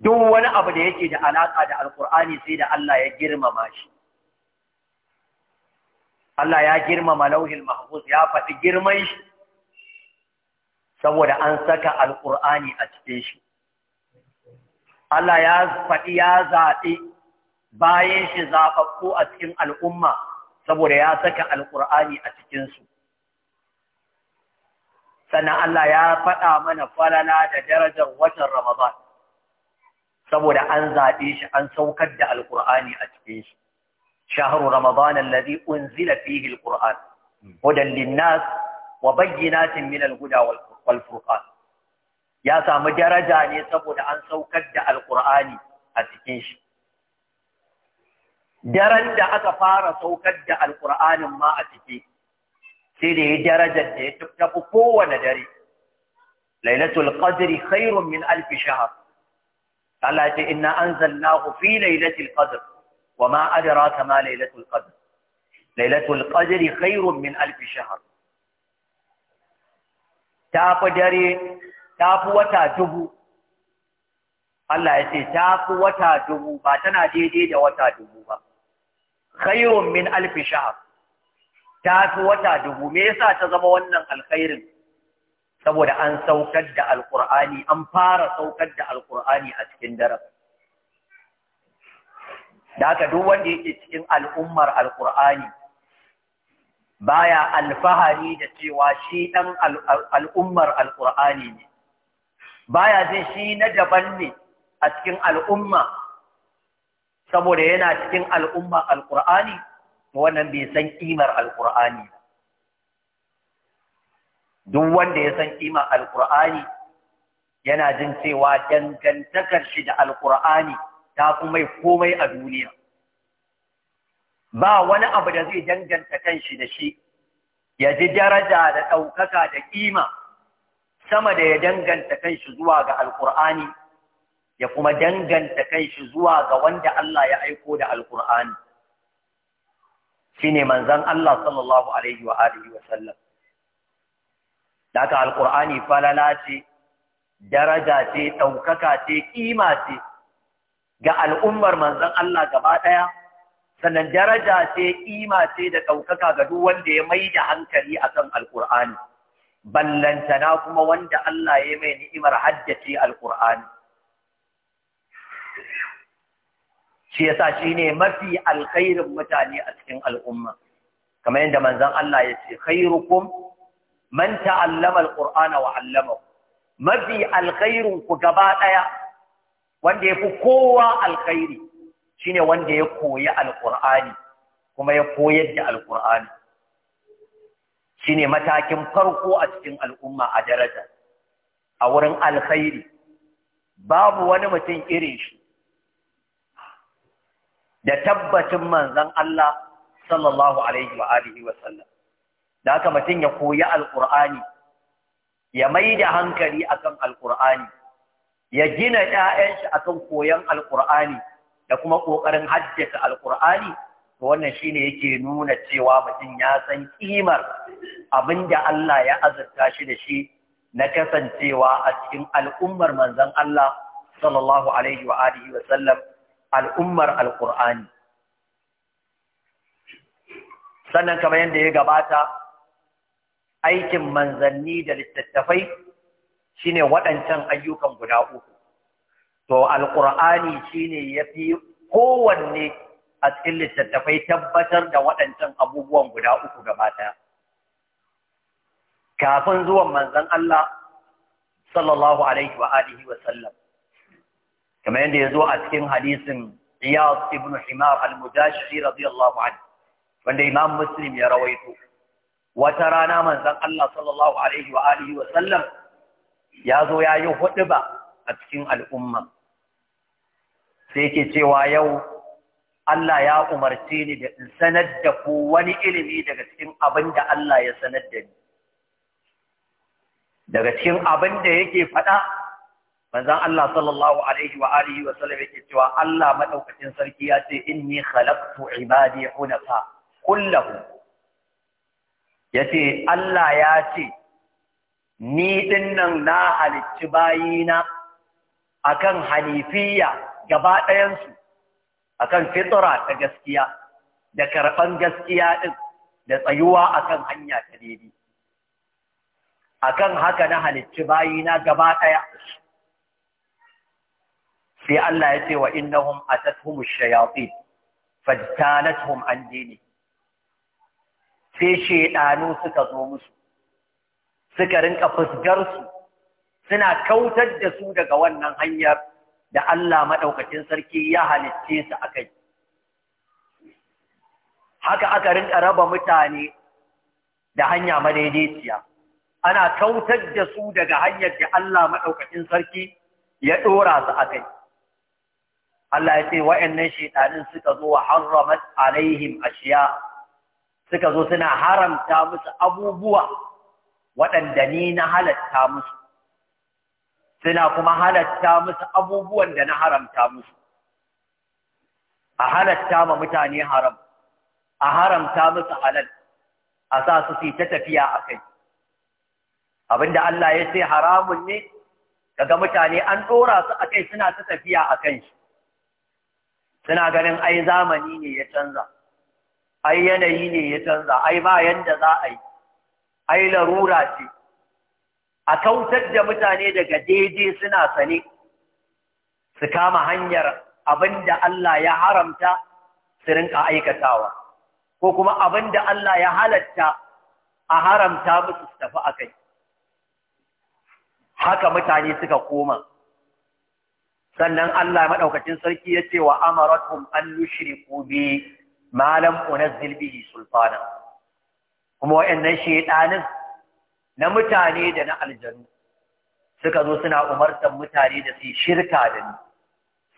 duk wani abu da yake da alaƙa da alƙur'ani sai da Allah ya girmama shi Allah ya girmama lauhin mahfuz ya faɗi girman shi saboda an saka alƙur'ani a cikin shi Allah ya faɗi ya zaɓi bayan shi zaɓaɓɓu a cikin al'umma saboda ya saka alƙur'ani a cikinsu sannan Allah ya faɗa mana falala da darajar watan Ramadan saboda an zaɓe shi an saukar da alƙur'ani a cikinsu. shi shahru ramadan allazi unzila fihi alqur'an hudan linnas wa bayyinatin min alhuda wal furqan ya samu daraja ne saboda an saukar da alƙur'ani a cikin shi daren da aka fara saukar da alƙur'anin ma a ciki sai da ya darajar da ya tafi kowane dare lailatul qadri khairun min alf shahr Allah ce inna anzalnahu fi lailatul qadr wa ma adraka ma lailatul qadr lailatul qadri khairun min alf shahr fi dare ta fi wata dubu Allah ya ce ta fi wata dubu ba tana daidai da wata dubu ba khairun min alfi shahr ta fi wata dubu me yasa ta zama wannan alkhairin saboda an saukar da alqur'ani an fara saukar da alqur'ani a cikin daren da ka duk wanda yake cikin al'ummar alqur'ani baya alfahari da cewa shi dan al'ummar alqur'ani ne baya zai shi na daban ne a cikin al'umma saboda yana cikin al'umma alqur'ani to wannan bai san kimar ba. duk wanda ya san kimar alqur'ani yana jin cewa dangantakar shi da alqur'ani ta fi mai komai a duniya ba wani abu da zai danganta kanshi da shi ya ji daraja da ɗaukaka da ƙima sama da ya danganta kanshi zuwa ga alƙur'ani ya kuma danganta kai shi zuwa ga wanda Allah ya aiko da Shi ne manzan Allah sallallahu alaihi wa alihi wa daga alkur'ani falala ce daraja ce ɗaukaka ce ƙima ce ga al'ummar manzon Allah gaba ɗaya sannan daraja ce ƙima ce da ɗaukaka ga duk wanda ya mai da hankali akan alkur'ani ballantana kuma wanda Allah ya mai ni'imar haddace alkur'ani shi yasa shine mafi alkhairin mutane a cikin al'umma kamar yadda manzon Allah ya ce khairukum man ta'allama alqur'ana wa 'allamahu mafi alkhairin ku gaba daya wanda yafi kowa alkhairi shine wanda ya koyi alqur'ani kuma ya koyar da alqur'ani shine matakin farko a cikin al'umma a daraja a wurin alkhairi babu wani mutum irin shi da tabbacin manzon Allah sallallahu alaihi wa alihi wa sallam da haka mutum ya koyi alqur'ani ya mai da hankali akan alqur'ani ya gina ƴaƴan shi akan koyon alqur'ani da kuma ƙoƙarin haddace alƙur'ani to wannan shine yake nuna cewa mutum ya san kimar abin da Allah ya azurta shi da shi na kasancewa a cikin al'ummar manzon Allah sallallahu alaihi wa alihi wa sallam al'ummar alƙur'ani sannan kamar yadda ya gabata aikin manzanni da littattafai shine waɗancan ayyukan guda uku to alƙur'ani shine ya fi kowanne a cikin littattafai tabbatar da waɗancan abubuwan guda uku gabata kafin zuwan manzan Allah sallallahu alaihi wa wa sallam kamar yadda ya zo a cikin hadisin Iyad ibn Himar al-Mujashi radiyallahu anhu wanda Imam Muslim ya rawaito wata rana manzon Allah sallallahu alaihi wa sallam ya zo ya yi huɗuba a cikin al'umma sai ke cewa yau Allah ya umarce ni da in da ku wani ilimi daga cikin abin da Allah ya sanar da ni daga cikin abin da yake faɗa manzon Allah sallallahu alaihi wa alihi wa sallam yake cewa Allah madaukakin sarki ya ce inni khalaqtu ibadi hunafa kullahu yace Allah ya ce ni dinnan na halicci bayina akan hanifiyya gaba ɗayan su akan fitra ta gaskiya da karban gaskiya din da tsayuwa akan hanya ta daidai akan haka na halicci bayina gaba ɗaya sai Allah ya ce wa innahum atatuhum ash-shayatin fajtalathum an dini sai shedanu suka zo musu suka rinka fusgar su suna kautar da su daga wannan hanyar da Allah madaukakin sarki ya halicce su akai haka aka rinka raba mutane da hanya madaidaiciya ana kautar da su daga hanyar da Allah madaukakin sarki ya dora su akai Allah ya ce wa'annan shaytanin suka zo wa harramat alaihim ashiya suka zo suna haramta musu abubuwa waɗanda ni na halatta musu suna kuma halatta musu abubuwan da na haramta musu a halatta ma mutane haram a haramta musu halal a sa su fi ta tafiya a kai abinda Allah ya ce haramun ne kaga mutane an ɗora su a kai suna ta tafiya a kan shi suna ganin ai zamani ne ya canza ai yanayi ne ya canza ai ba yanda za a yi ai larura ce a kautar da mutane daga daidai suna sane su kama hanyar abin da Allah ya haramta su rinka aikatawa ko kuma abin da Allah ya halatta a haramta musu su tafi a kai haka mutane suka koma sannan Allah maɗaukacin sarki ya ce wa amaratuhum an yushriku bi ma lam unzil bihi sultana kuma wayannan shedanin na mutane da na aljanu suka zo suna umartar mutane da su shirka da ni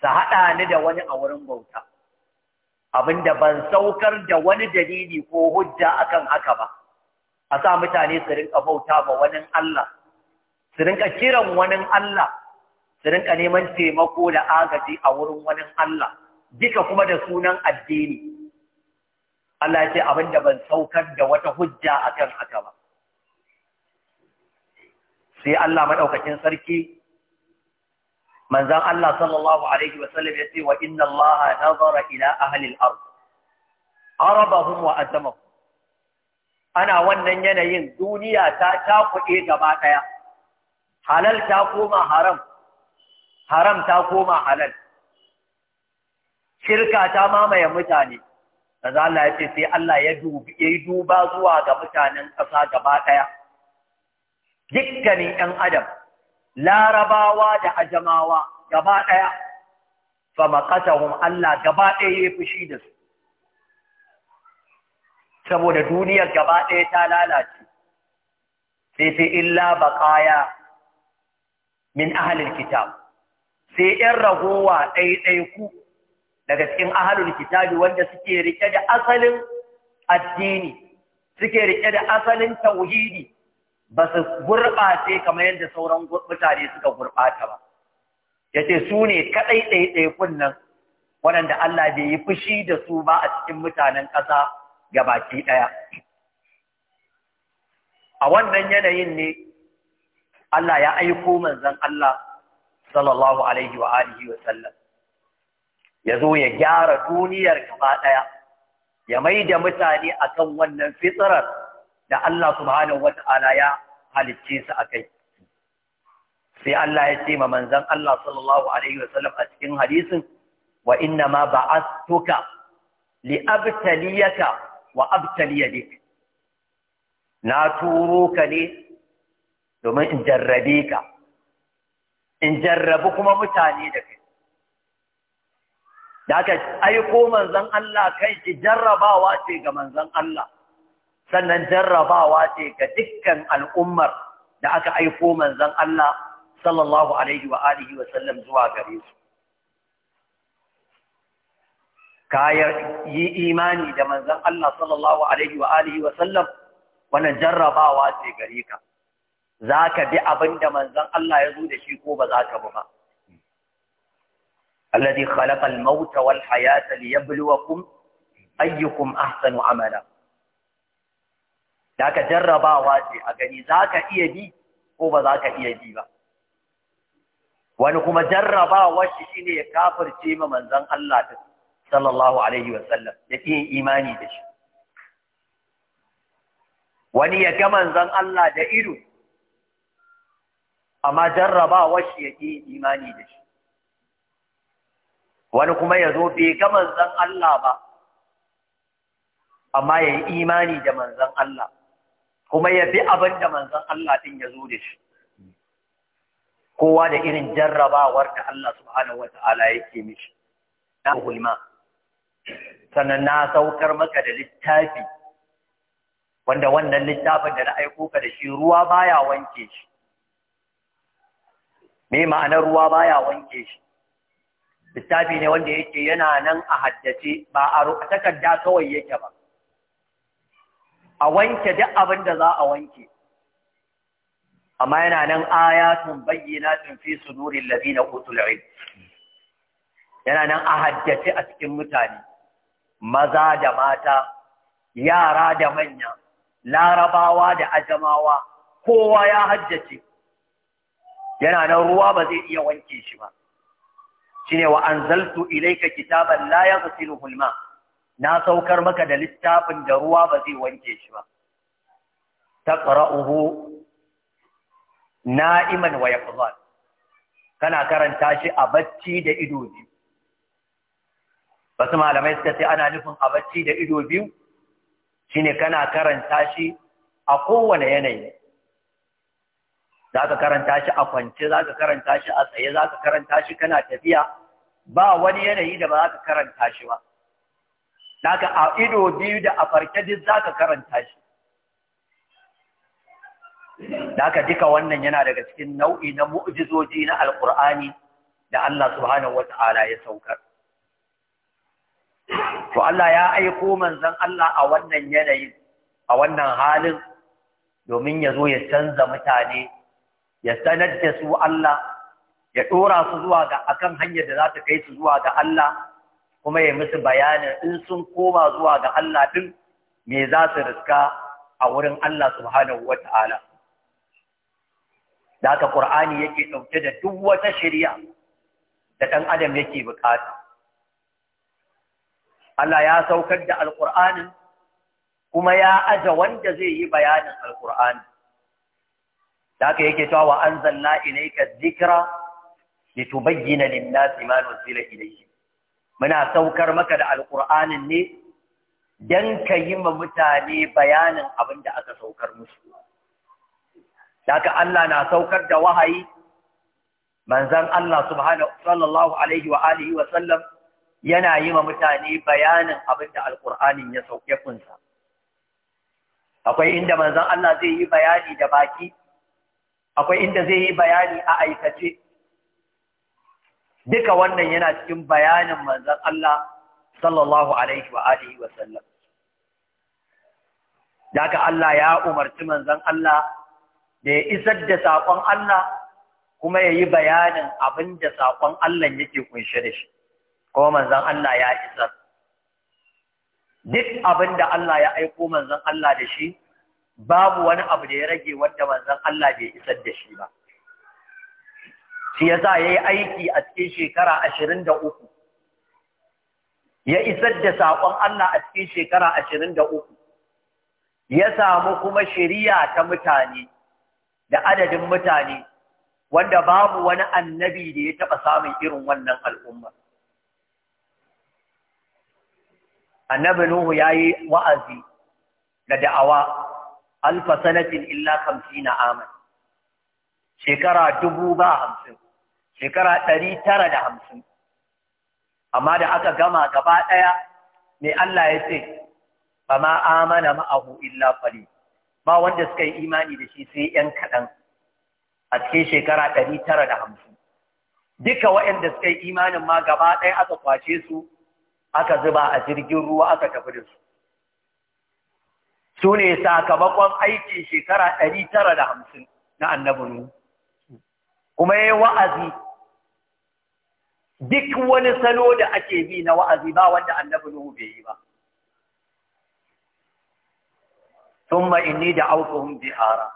su haɗa ni da wani a wurin bauta abinda ban saukar da wani dalili ko hujja akan haka ba a sa mutane su rinka bauta ba wani Allah su rinka kiran wani Allah su rinka neman taimako da agaji a wurin wani Allah duka kuma da sunan addini Allah ce abin da ban saukar da wata hujja akan haka ba sai Allah maɗaukacin sarki manzan Allah sallallahu alaihi wasallam ya ce wa inna Allah nazara ila ahli al arabahum wa azamahum ana wannan yanayin duniya ta takuɗe gaba ɗaya halal ta koma haram haram ta koma halal shirka ta mamaye mutane kaza Allah ya ce sai Allah ya dubi yayi duba zuwa ga mutanen ƙasa gaba daya dukkanin ɗan adam larabawa da ajamawa gaba daya fa maqatahum Allah gaba ɗaya ya fushi da su saboda duniyar gaba daya ta lalace sai sai illa baqaya min ahlil kitab sai ‘yan ragowa ɗaiɗaiku daga cikin ahalul kitabi wanda suke riƙe da asalin addini, suke riƙe da asalin tauhidi ba su gurɓace kamar yadda sauran mutane suka gurɓata ba. Ya ce su ne kaɗai ɗaiɗaikun nan waɗanda Allah bai yi fushi da su ba a cikin mutanen ƙasa baki ɗaya. A wannan yanayin ne Allah ya aiko manzon Allah sallallahu alaihi wa alihi wa sallam ya zo ya gyara duniyar gaba ɗaya ya mai da mutane akan wannan fitrar da Allah subhanahu wata'ala ya halicce su a kai sai Allah ya ce ma manzon Allah sallallahu alaihi wa sallam a cikin hadisin wa inna ma ba'astuka li abtaliyaka wa abtaliya bik na turo ka ne domin in jarrabe ka in jarrabu kuma mutane da kai da aka aiko manzon Allah kai ki jarrabawa ce ga manzon Allah sannan jarrabawa ce ga dukkan al'ummar da aka aiko manzon Allah sallallahu alaihi wa alihi wa sallam zuwa gare su ka yi imani da manzon Allah sallallahu alaihi wa alihi wa sallam wani jarrabawa ce gare ka za ka bi abin da manzon Allah ya zo da shi ko ba za ka bi ba alladhi khalaqa al-mauta wal hayata liyabluwakum ayyukum ahsanu amala da ka jarrabawa ce a gani za ka iya bi ko ba za ka iya bi ba wani kuma jarrabawa shi shine ya kafirce ma manzon Allah ta sallallahu alaihi wasallam ya ƙi imani da shi wani ya ga Manzan Allah da ido amma jarrabawa shi yake imani da shi wani kuma ya zo bai ga manzan Allah ba amma ya yi imani da manzan Allah kuma ya bi abin da manzan Allah ɗin ya zo da shi kowa da irin jarrabawar da Allah subhanahu wata'ala yake mishi na hulma sannan na saukar maka da littafi wanda wannan littafin da na aiko ka da shi ruwa baya wanke shi me ma'anar ruwa baya wanke shi littafi ne wanda yake yana nan a haddace ba a takarda kawai yake ba a wanke duk abin da za a wanke amma yana nan ayatun sun fi sudurin ladina utul ilm yana nan a haddace a cikin mutane maza da mata yara da manya larabawa da ajamawa kowa ya haddace yana nan ruwa ba zai iya wanke shi ba shine wa anzaltu ilayka kitaban la yaghsiluhu al na saukar maka da littafin da ruwa ba zai wanke shi ba taqra'uhu na'iman wa yaqdhan kana karanta shi a bacci da ido biyu wasu malamai suka ce ana nufin a bacci da ido biyu shine kana karanta shi a kowane yanayi za ka karanta shi a kwance za ka karanta shi a tsaye za ka karanta shi kana tafiya ba wani yanayi da ba za ka karanta shi ba ka a ido biyu da a farke duk za ka karanta shi ka duka wannan yana daga cikin nau'i na mu'jizoji na alkur'ani da Allah subhanahu ta'ala ya saukar to Allah ya aiko manzon Allah a wannan yanayin a wannan halin domin ya zo ya canza mutane ya sanar da su Allah ya ɗora su zuwa ga akan hanyar da za ta kai su zuwa ga Allah kuma ya musu bayanin in sun koma zuwa ga Allah din me za su riska a wurin Allah subhanahu wata'ala da haka Qur'ani yake ɗauke da duk wata shari'a da ɗan adam yake bukata Allah ya saukar da Alƙur'anin kuma ya aja wanda zai yi bayanin Alƙur'ani da haka yake cewa wa anzalna ilayka dhikra litubayyana lin-nasi ma nuzila ilayhim muna saukar maka da alqur'anin ne dan kayi ma mutane bayanin abin da aka saukar musu da haka Allah na saukar da wahayi manzon Allah subhanahu sallallahu alaihi wa alihi wa sallam yana yi ma mutane bayanin abin da alqur'anin ya sauke kunsa akwai inda manzon Allah zai yi bayani da baki akwai inda zai yi bayani a aikace duka wannan yana cikin bayanin manzon Allah sallallahu alaihi wa alihi wa sallam daga Allah ya umarci manzan Allah da ya isar da saƙon Allah kuma ya yi bayanin abin da Allah yake kunshe da shi kuma manzon Allah ya isar duk abinda Allah ya aiko manzon Allah da shi babu wani abu da ya rage wanda manzon Allah bai isar da shi ba shi yasa yayi aiki a cikin shekara 23 ya isar da saƙon Allah a cikin shekara 23 ya samu kuma shari'a ta mutane da adadin mutane wanda babu wani annabi da ya taɓa samun irin wannan al'umma. Annabi Nuhu ya yi wa'azi da da'awa alfa sanatin illa kamsina aman shekara dubu ba hamsin shekara ɗari tara da hamsin amma da aka gama gaba ɗaya mai Allah ya ce ba ma amana ma'ahu illa fari ba wanda suka yi imani da shi sai ‘yan kaɗan a cikin shekara ɗari tara da hamsin duka waɗanda suka yi imanin ma gaba ɗaya aka kwace su aka zuba a jirgin ruwa aka tafi da su su ne sakamakon aikin shekara ɗari tara da hamsin na annabinu kuma ya yi wa'azi duk wani salo da ake bi na wa'azi ba wanda annabinu bai yi ba ثم إني دعوتهم جهارا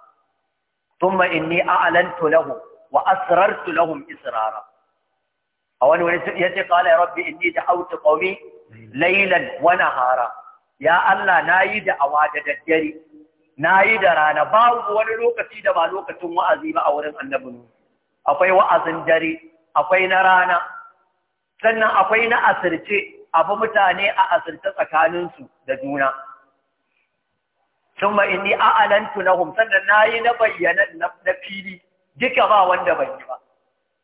ثم إني أعلنت لهم wani لهم إسرارا أولا يتي قال يا da إني دعوت قومي wani ونهارا ya Allah na yi da awa da daddare na yi da rana babu wani lokaci da ba lokacin wa'azi ba a wurin annabi akwai wa'azin dare akwai na rana sannan akwai na asirce abu mutane a asirce tsakaninsu da juna summa inni a'lantu lahum sannan na yi na bayyana na fili duka ba wanda bai yi ba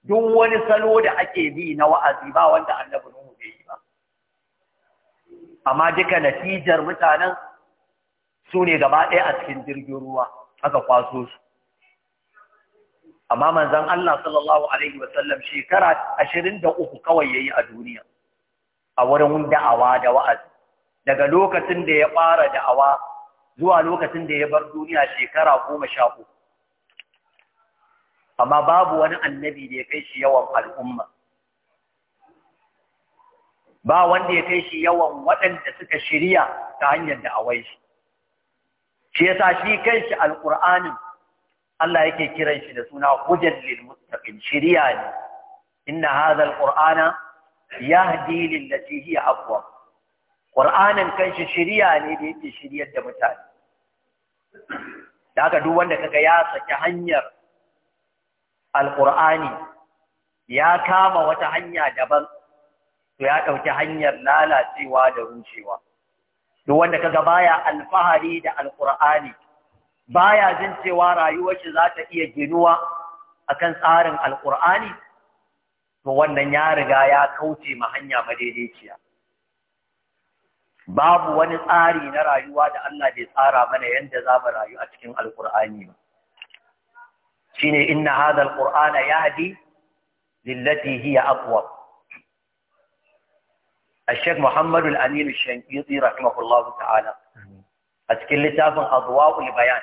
duk wani salo da ake bi na wa'azi ba wanda annabi amma duka natijar mutanen su ne gaba ɗaya a cikin jirgin ruwa aka kwaso su amma manzon Allah sallallahu alaihi wasallam shekara ashirin da uku kawai ya yi a duniya a wurin da'awa da wa'azi daga lokacin da ya fara da'awa zuwa lokacin da ya bar duniya shekara goma sha uku amma babu wani annabi da ya kai shi yawan al'umma ba wanda ya kai shi yawan waɗanda suka shirya ta hanyar da awai shi shi yasa shi kanshi alqur'anin Allah yake kiran shi da suna hujjal shirya muttaqin ne inna hadha alqur'ana yahdi lillati hiya aqwa qur'anin kanshi shirya ne da yake shiryar da mutane da haka duk wanda kaga ya saki hanyar alqur'ani ya kama wata hanya daban to ya ɗauki hanyar lalacewa da rushewa duk wanda kaga baya alfahari da Alƙur'ani, baya jin cewa rayuwar shi za ta iya ginuwa akan tsarin Alƙur'ani, to wannan ya riga ya kauce ma hanya madaidaiciya babu wani tsari na rayuwa da Allah bai tsara mana yadda za mu rayu a cikin Alƙur'ani ba shine inna hadha alqur'ana yahdi lillati hiya aqwa الشيخ محمد الأمين الشنقيطي رحمه الله تعالى أتكلم لتافا أضواء البيان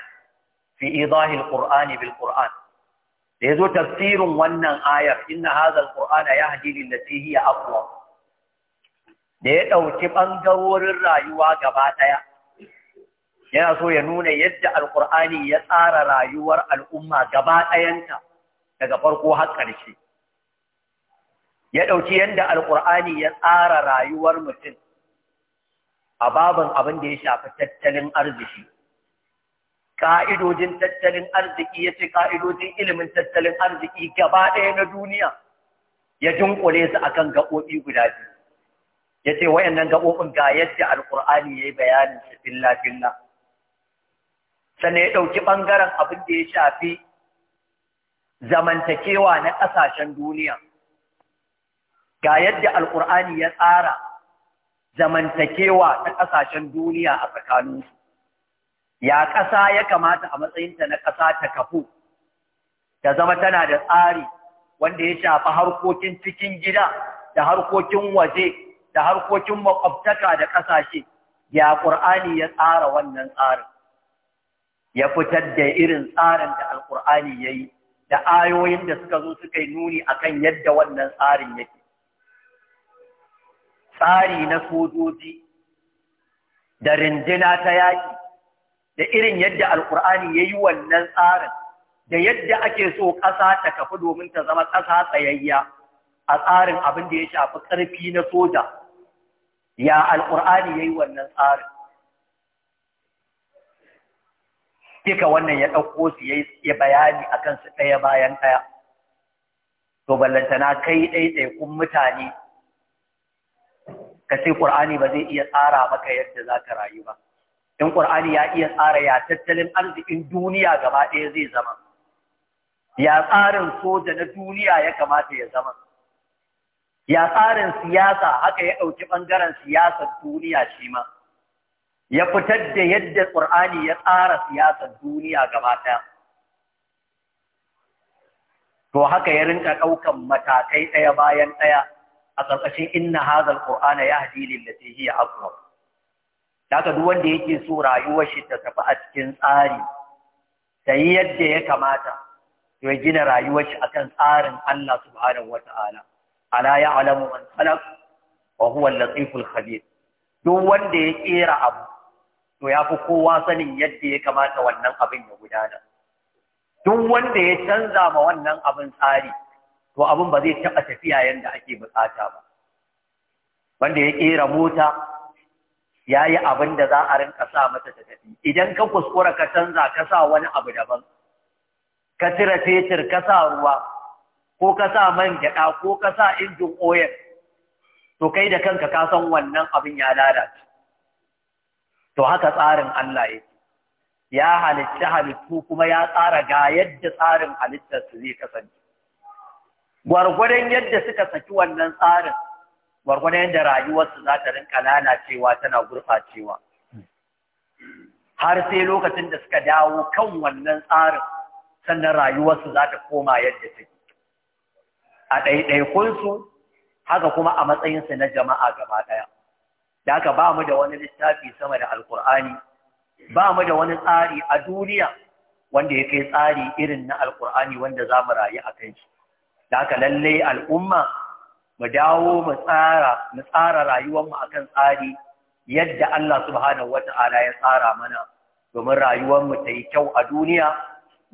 في إيضاح القرآن بالقرآن لذو تفسير ونن آية إن هذا القرآن يهدي للتي هي أقوى da ya ɗauki ɓangarorin rayuwa gaba ɗaya yana so ya nuna yadda alƙur'ani ya tsara rayuwar al'umma gaba ɗayanta daga farko har ƙarshe ya ɗauki yadda alƙur'ani ya tsara rayuwar mutum a babin abin da ya shafi tattalin arziki ƙa'idojin tattalin arziki ya ce ƙa'idojin ilimin tattalin arziki gaba ɗaya na duniya ya jinƙule su a kan gaɓoɓi guda biyu ya ce wayannan gaɓoɓin ga yadda alƙur'ani ya yi bayanin su filla-filla sannan ya ɗauki ɓangaren abin da ya shafi zamantakewa na ƙasashen duniya ga yadda alkur'ani ya tsara zamantakewa ta ƙasashen duniya a tsakaninsu ya ƙasa ya kamata a matsayinta na ƙasa ta kafu ta zama tana da tsari wanda ya shafi harkokin cikin gida da harkokin waje da harkokin makwabtaka da ƙasashe ya ƙur'ani ya tsara wannan tsarin ya fitar da irin tsarin da alƙur'ani ya yi da ayoyin da suka zo suka yi nuni akan yadda wannan tsarin yake tsari na sojoji da rindina ta yaƙi da irin yadda alƙur'ani ya yi wannan tsarin da yadda ake so ƙasa ta kafi domin ta zama ƙasa tsayayya a tsarin abin da ya shafi ƙarfi na soja ya alkur'ani ya yi wannan tsarin duka wannan ya ɗauko su ya bayani a kansu ɗaya bayan ɗaya to ballantana kai ɗaiɗaikun mutane ka ce ƙur'ani ba zai iya tsara maka yadda za ka rayu ba in ƙur'ani ya iya tsara ya tattalin arzikin duniya gaba ɗaya zai zama ya tsarin soja na duniya ya kamata ya zama ya tsarin siyasa haka ya ɗauki ɓangaren siyasar duniya shi ma ya fitar da yadda ƙur'ani ya tsara siyasar duniya gaba ɗaya to haka ya rinka ɗaukan matakai ɗaya bayan ɗaya a ƙarƙashin inna hazal qur'ana yahdi lil lati hiya aqwam daga duk wanda yake so rayuwar shi ta tafi a cikin tsari yi yadda ya kamata ya gina rayuwar shi akan tsarin Allah subhanahu wata'ala ala ya'lamu man khalaq wa huwa al-latiful khabir duk wanda ya kera abu to yafi kowa sanin yadda ya kamata wannan abin ya gudana duk wanda ya canza ma wannan abin tsari to abin ba zai taɓa tafiya yadda ake buƙata ba wanda ya ƙera mota ya yi abin da za a rinka sa mata ta tafi idan ka kuskura ka canza ka sa wani abu daban ka cire fetur ka sa ruwa ko ka sa man gyaɗa ko ka sa injin oil to kai da kanka ka san wannan abin ya lalace to haka tsarin Allah ya ya halitta halittu kuma ya tsara ga yadda tsarin halittarsu zai kasance gwargwadon yadda suka saki wannan tsarin gwargwadon yadda rayuwarsu za ta rinka lalacewa tana gurɓacewa har sai lokacin da suka dawo kan wannan tsarin sannan rayuwarsu za ta koma yadda take a ɗaiɗaikunsu haka kuma a matsayinsu na jama'a gaba ɗaya da haka ba mu da wani littafi sama da alkur'ani ba mu da wani tsari a duniya wanda ya kai tsari irin na alkur'ani wanda za mu rayu a kai shi da haka lalle al'umma mu dawo mu tsara mu tsara rayuwarmu akan tsari yadda Allah subhanahu wata'ala ya tsara mana domin rayuwarmu ta yi kyau a duniya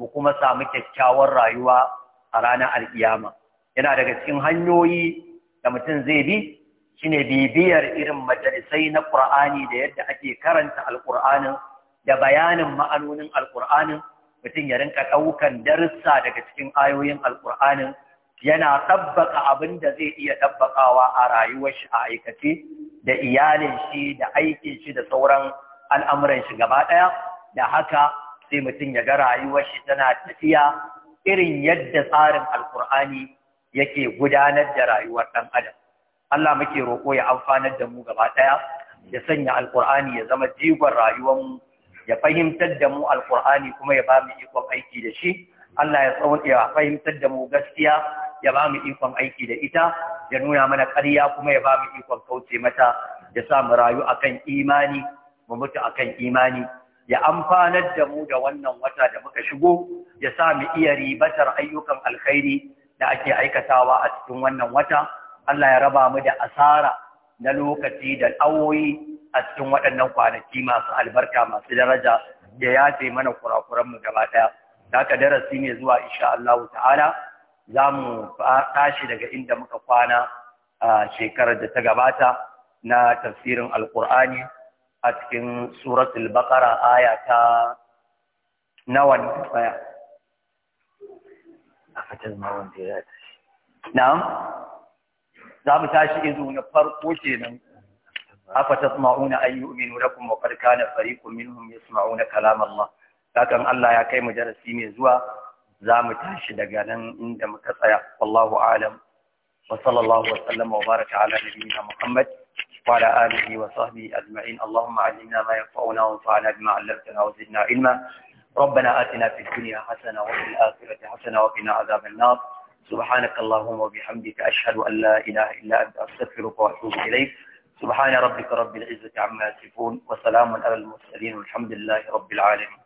mu kuma samu kyakkyawar rayuwa a ranar alkiyama yana daga cikin hanyoyi da mutum zai bi shine bibiyar irin majalisai na Qur'ani da yadda ake karanta alƙur'anin da bayanin ma'anonin alƙur'anin mutum ya rinka ɗaukan darussa daga cikin ayoyin alƙur'anin yana tabbaka abin da zai iya tabbakawa a rayuwar shi a aikace da iyalin shi da aikin shi da sauran al'amuran shi gaba ɗaya da haka sai mutum ya ga rayuwar shi tana tafiya irin yadda tsarin alkur'ani yake gudanar da rayuwar ɗan adam Allah muke roƙo ya amfanar da mu gaba ɗaya ya sanya alkur'ani ya zama jigon rayuwar mu ya fahimtar da mu alkur'ani kuma ya ba mu ikon aiki da shi Allah ya tsawon ya fahimtar da mu gaskiya ya ba mu ikon aiki da ita ya nuna mana ƙarya kuma ya ba mu ikon kauce mata ya sa mu rayu akan imani mu mutu akan imani ya amfanar da mu da wannan wata da muka shigo ya sa mu iya ribatar ayyukan alkhairi da ake aikatawa a cikin wannan wata Allah ya raba mu da asara na lokaci da awoyi a cikin waɗannan kwanaki masu albarka masu daraja da yafe mana kurakuranmu gaba ɗaya da darasi ne zuwa insha Allah ta'ala za mu tashi daga inda muka kwana a shekarar da ta gabata na tafsirin alƙur'ani a cikin suratul baƙara aya ta nawa ne baya a fatan ma wanda ya tashi na'am za mu tashi izu na farko kenan afa tasma'una ay yu'minu lakum wa qad kana fariqun minhum yasma'una kalam Allah kakan Allah ya kai mu darasi mai zuwa za mu tashi daga nan inda muka tsaya wallahu alam wa sallallahu wa sallama wa baraka ala nabiyyina muhammad wa ala alihi wa sahbihi ajma'in allahumma allimna ma yanfa'una wa anfa'na bima 'allamtana wa zidna ilma ربنا آتنا في الدنيا حسنة وفي الآخرة حسنة وقنا عذاب النار سبحانك اللهم وبحمدك أشهد أن لا إله إلا أنت أستغفرك وأتوب إليك سبحان ربك رب العزة عما يصفون وسلام على المرسلين والحمد لله رب العالمين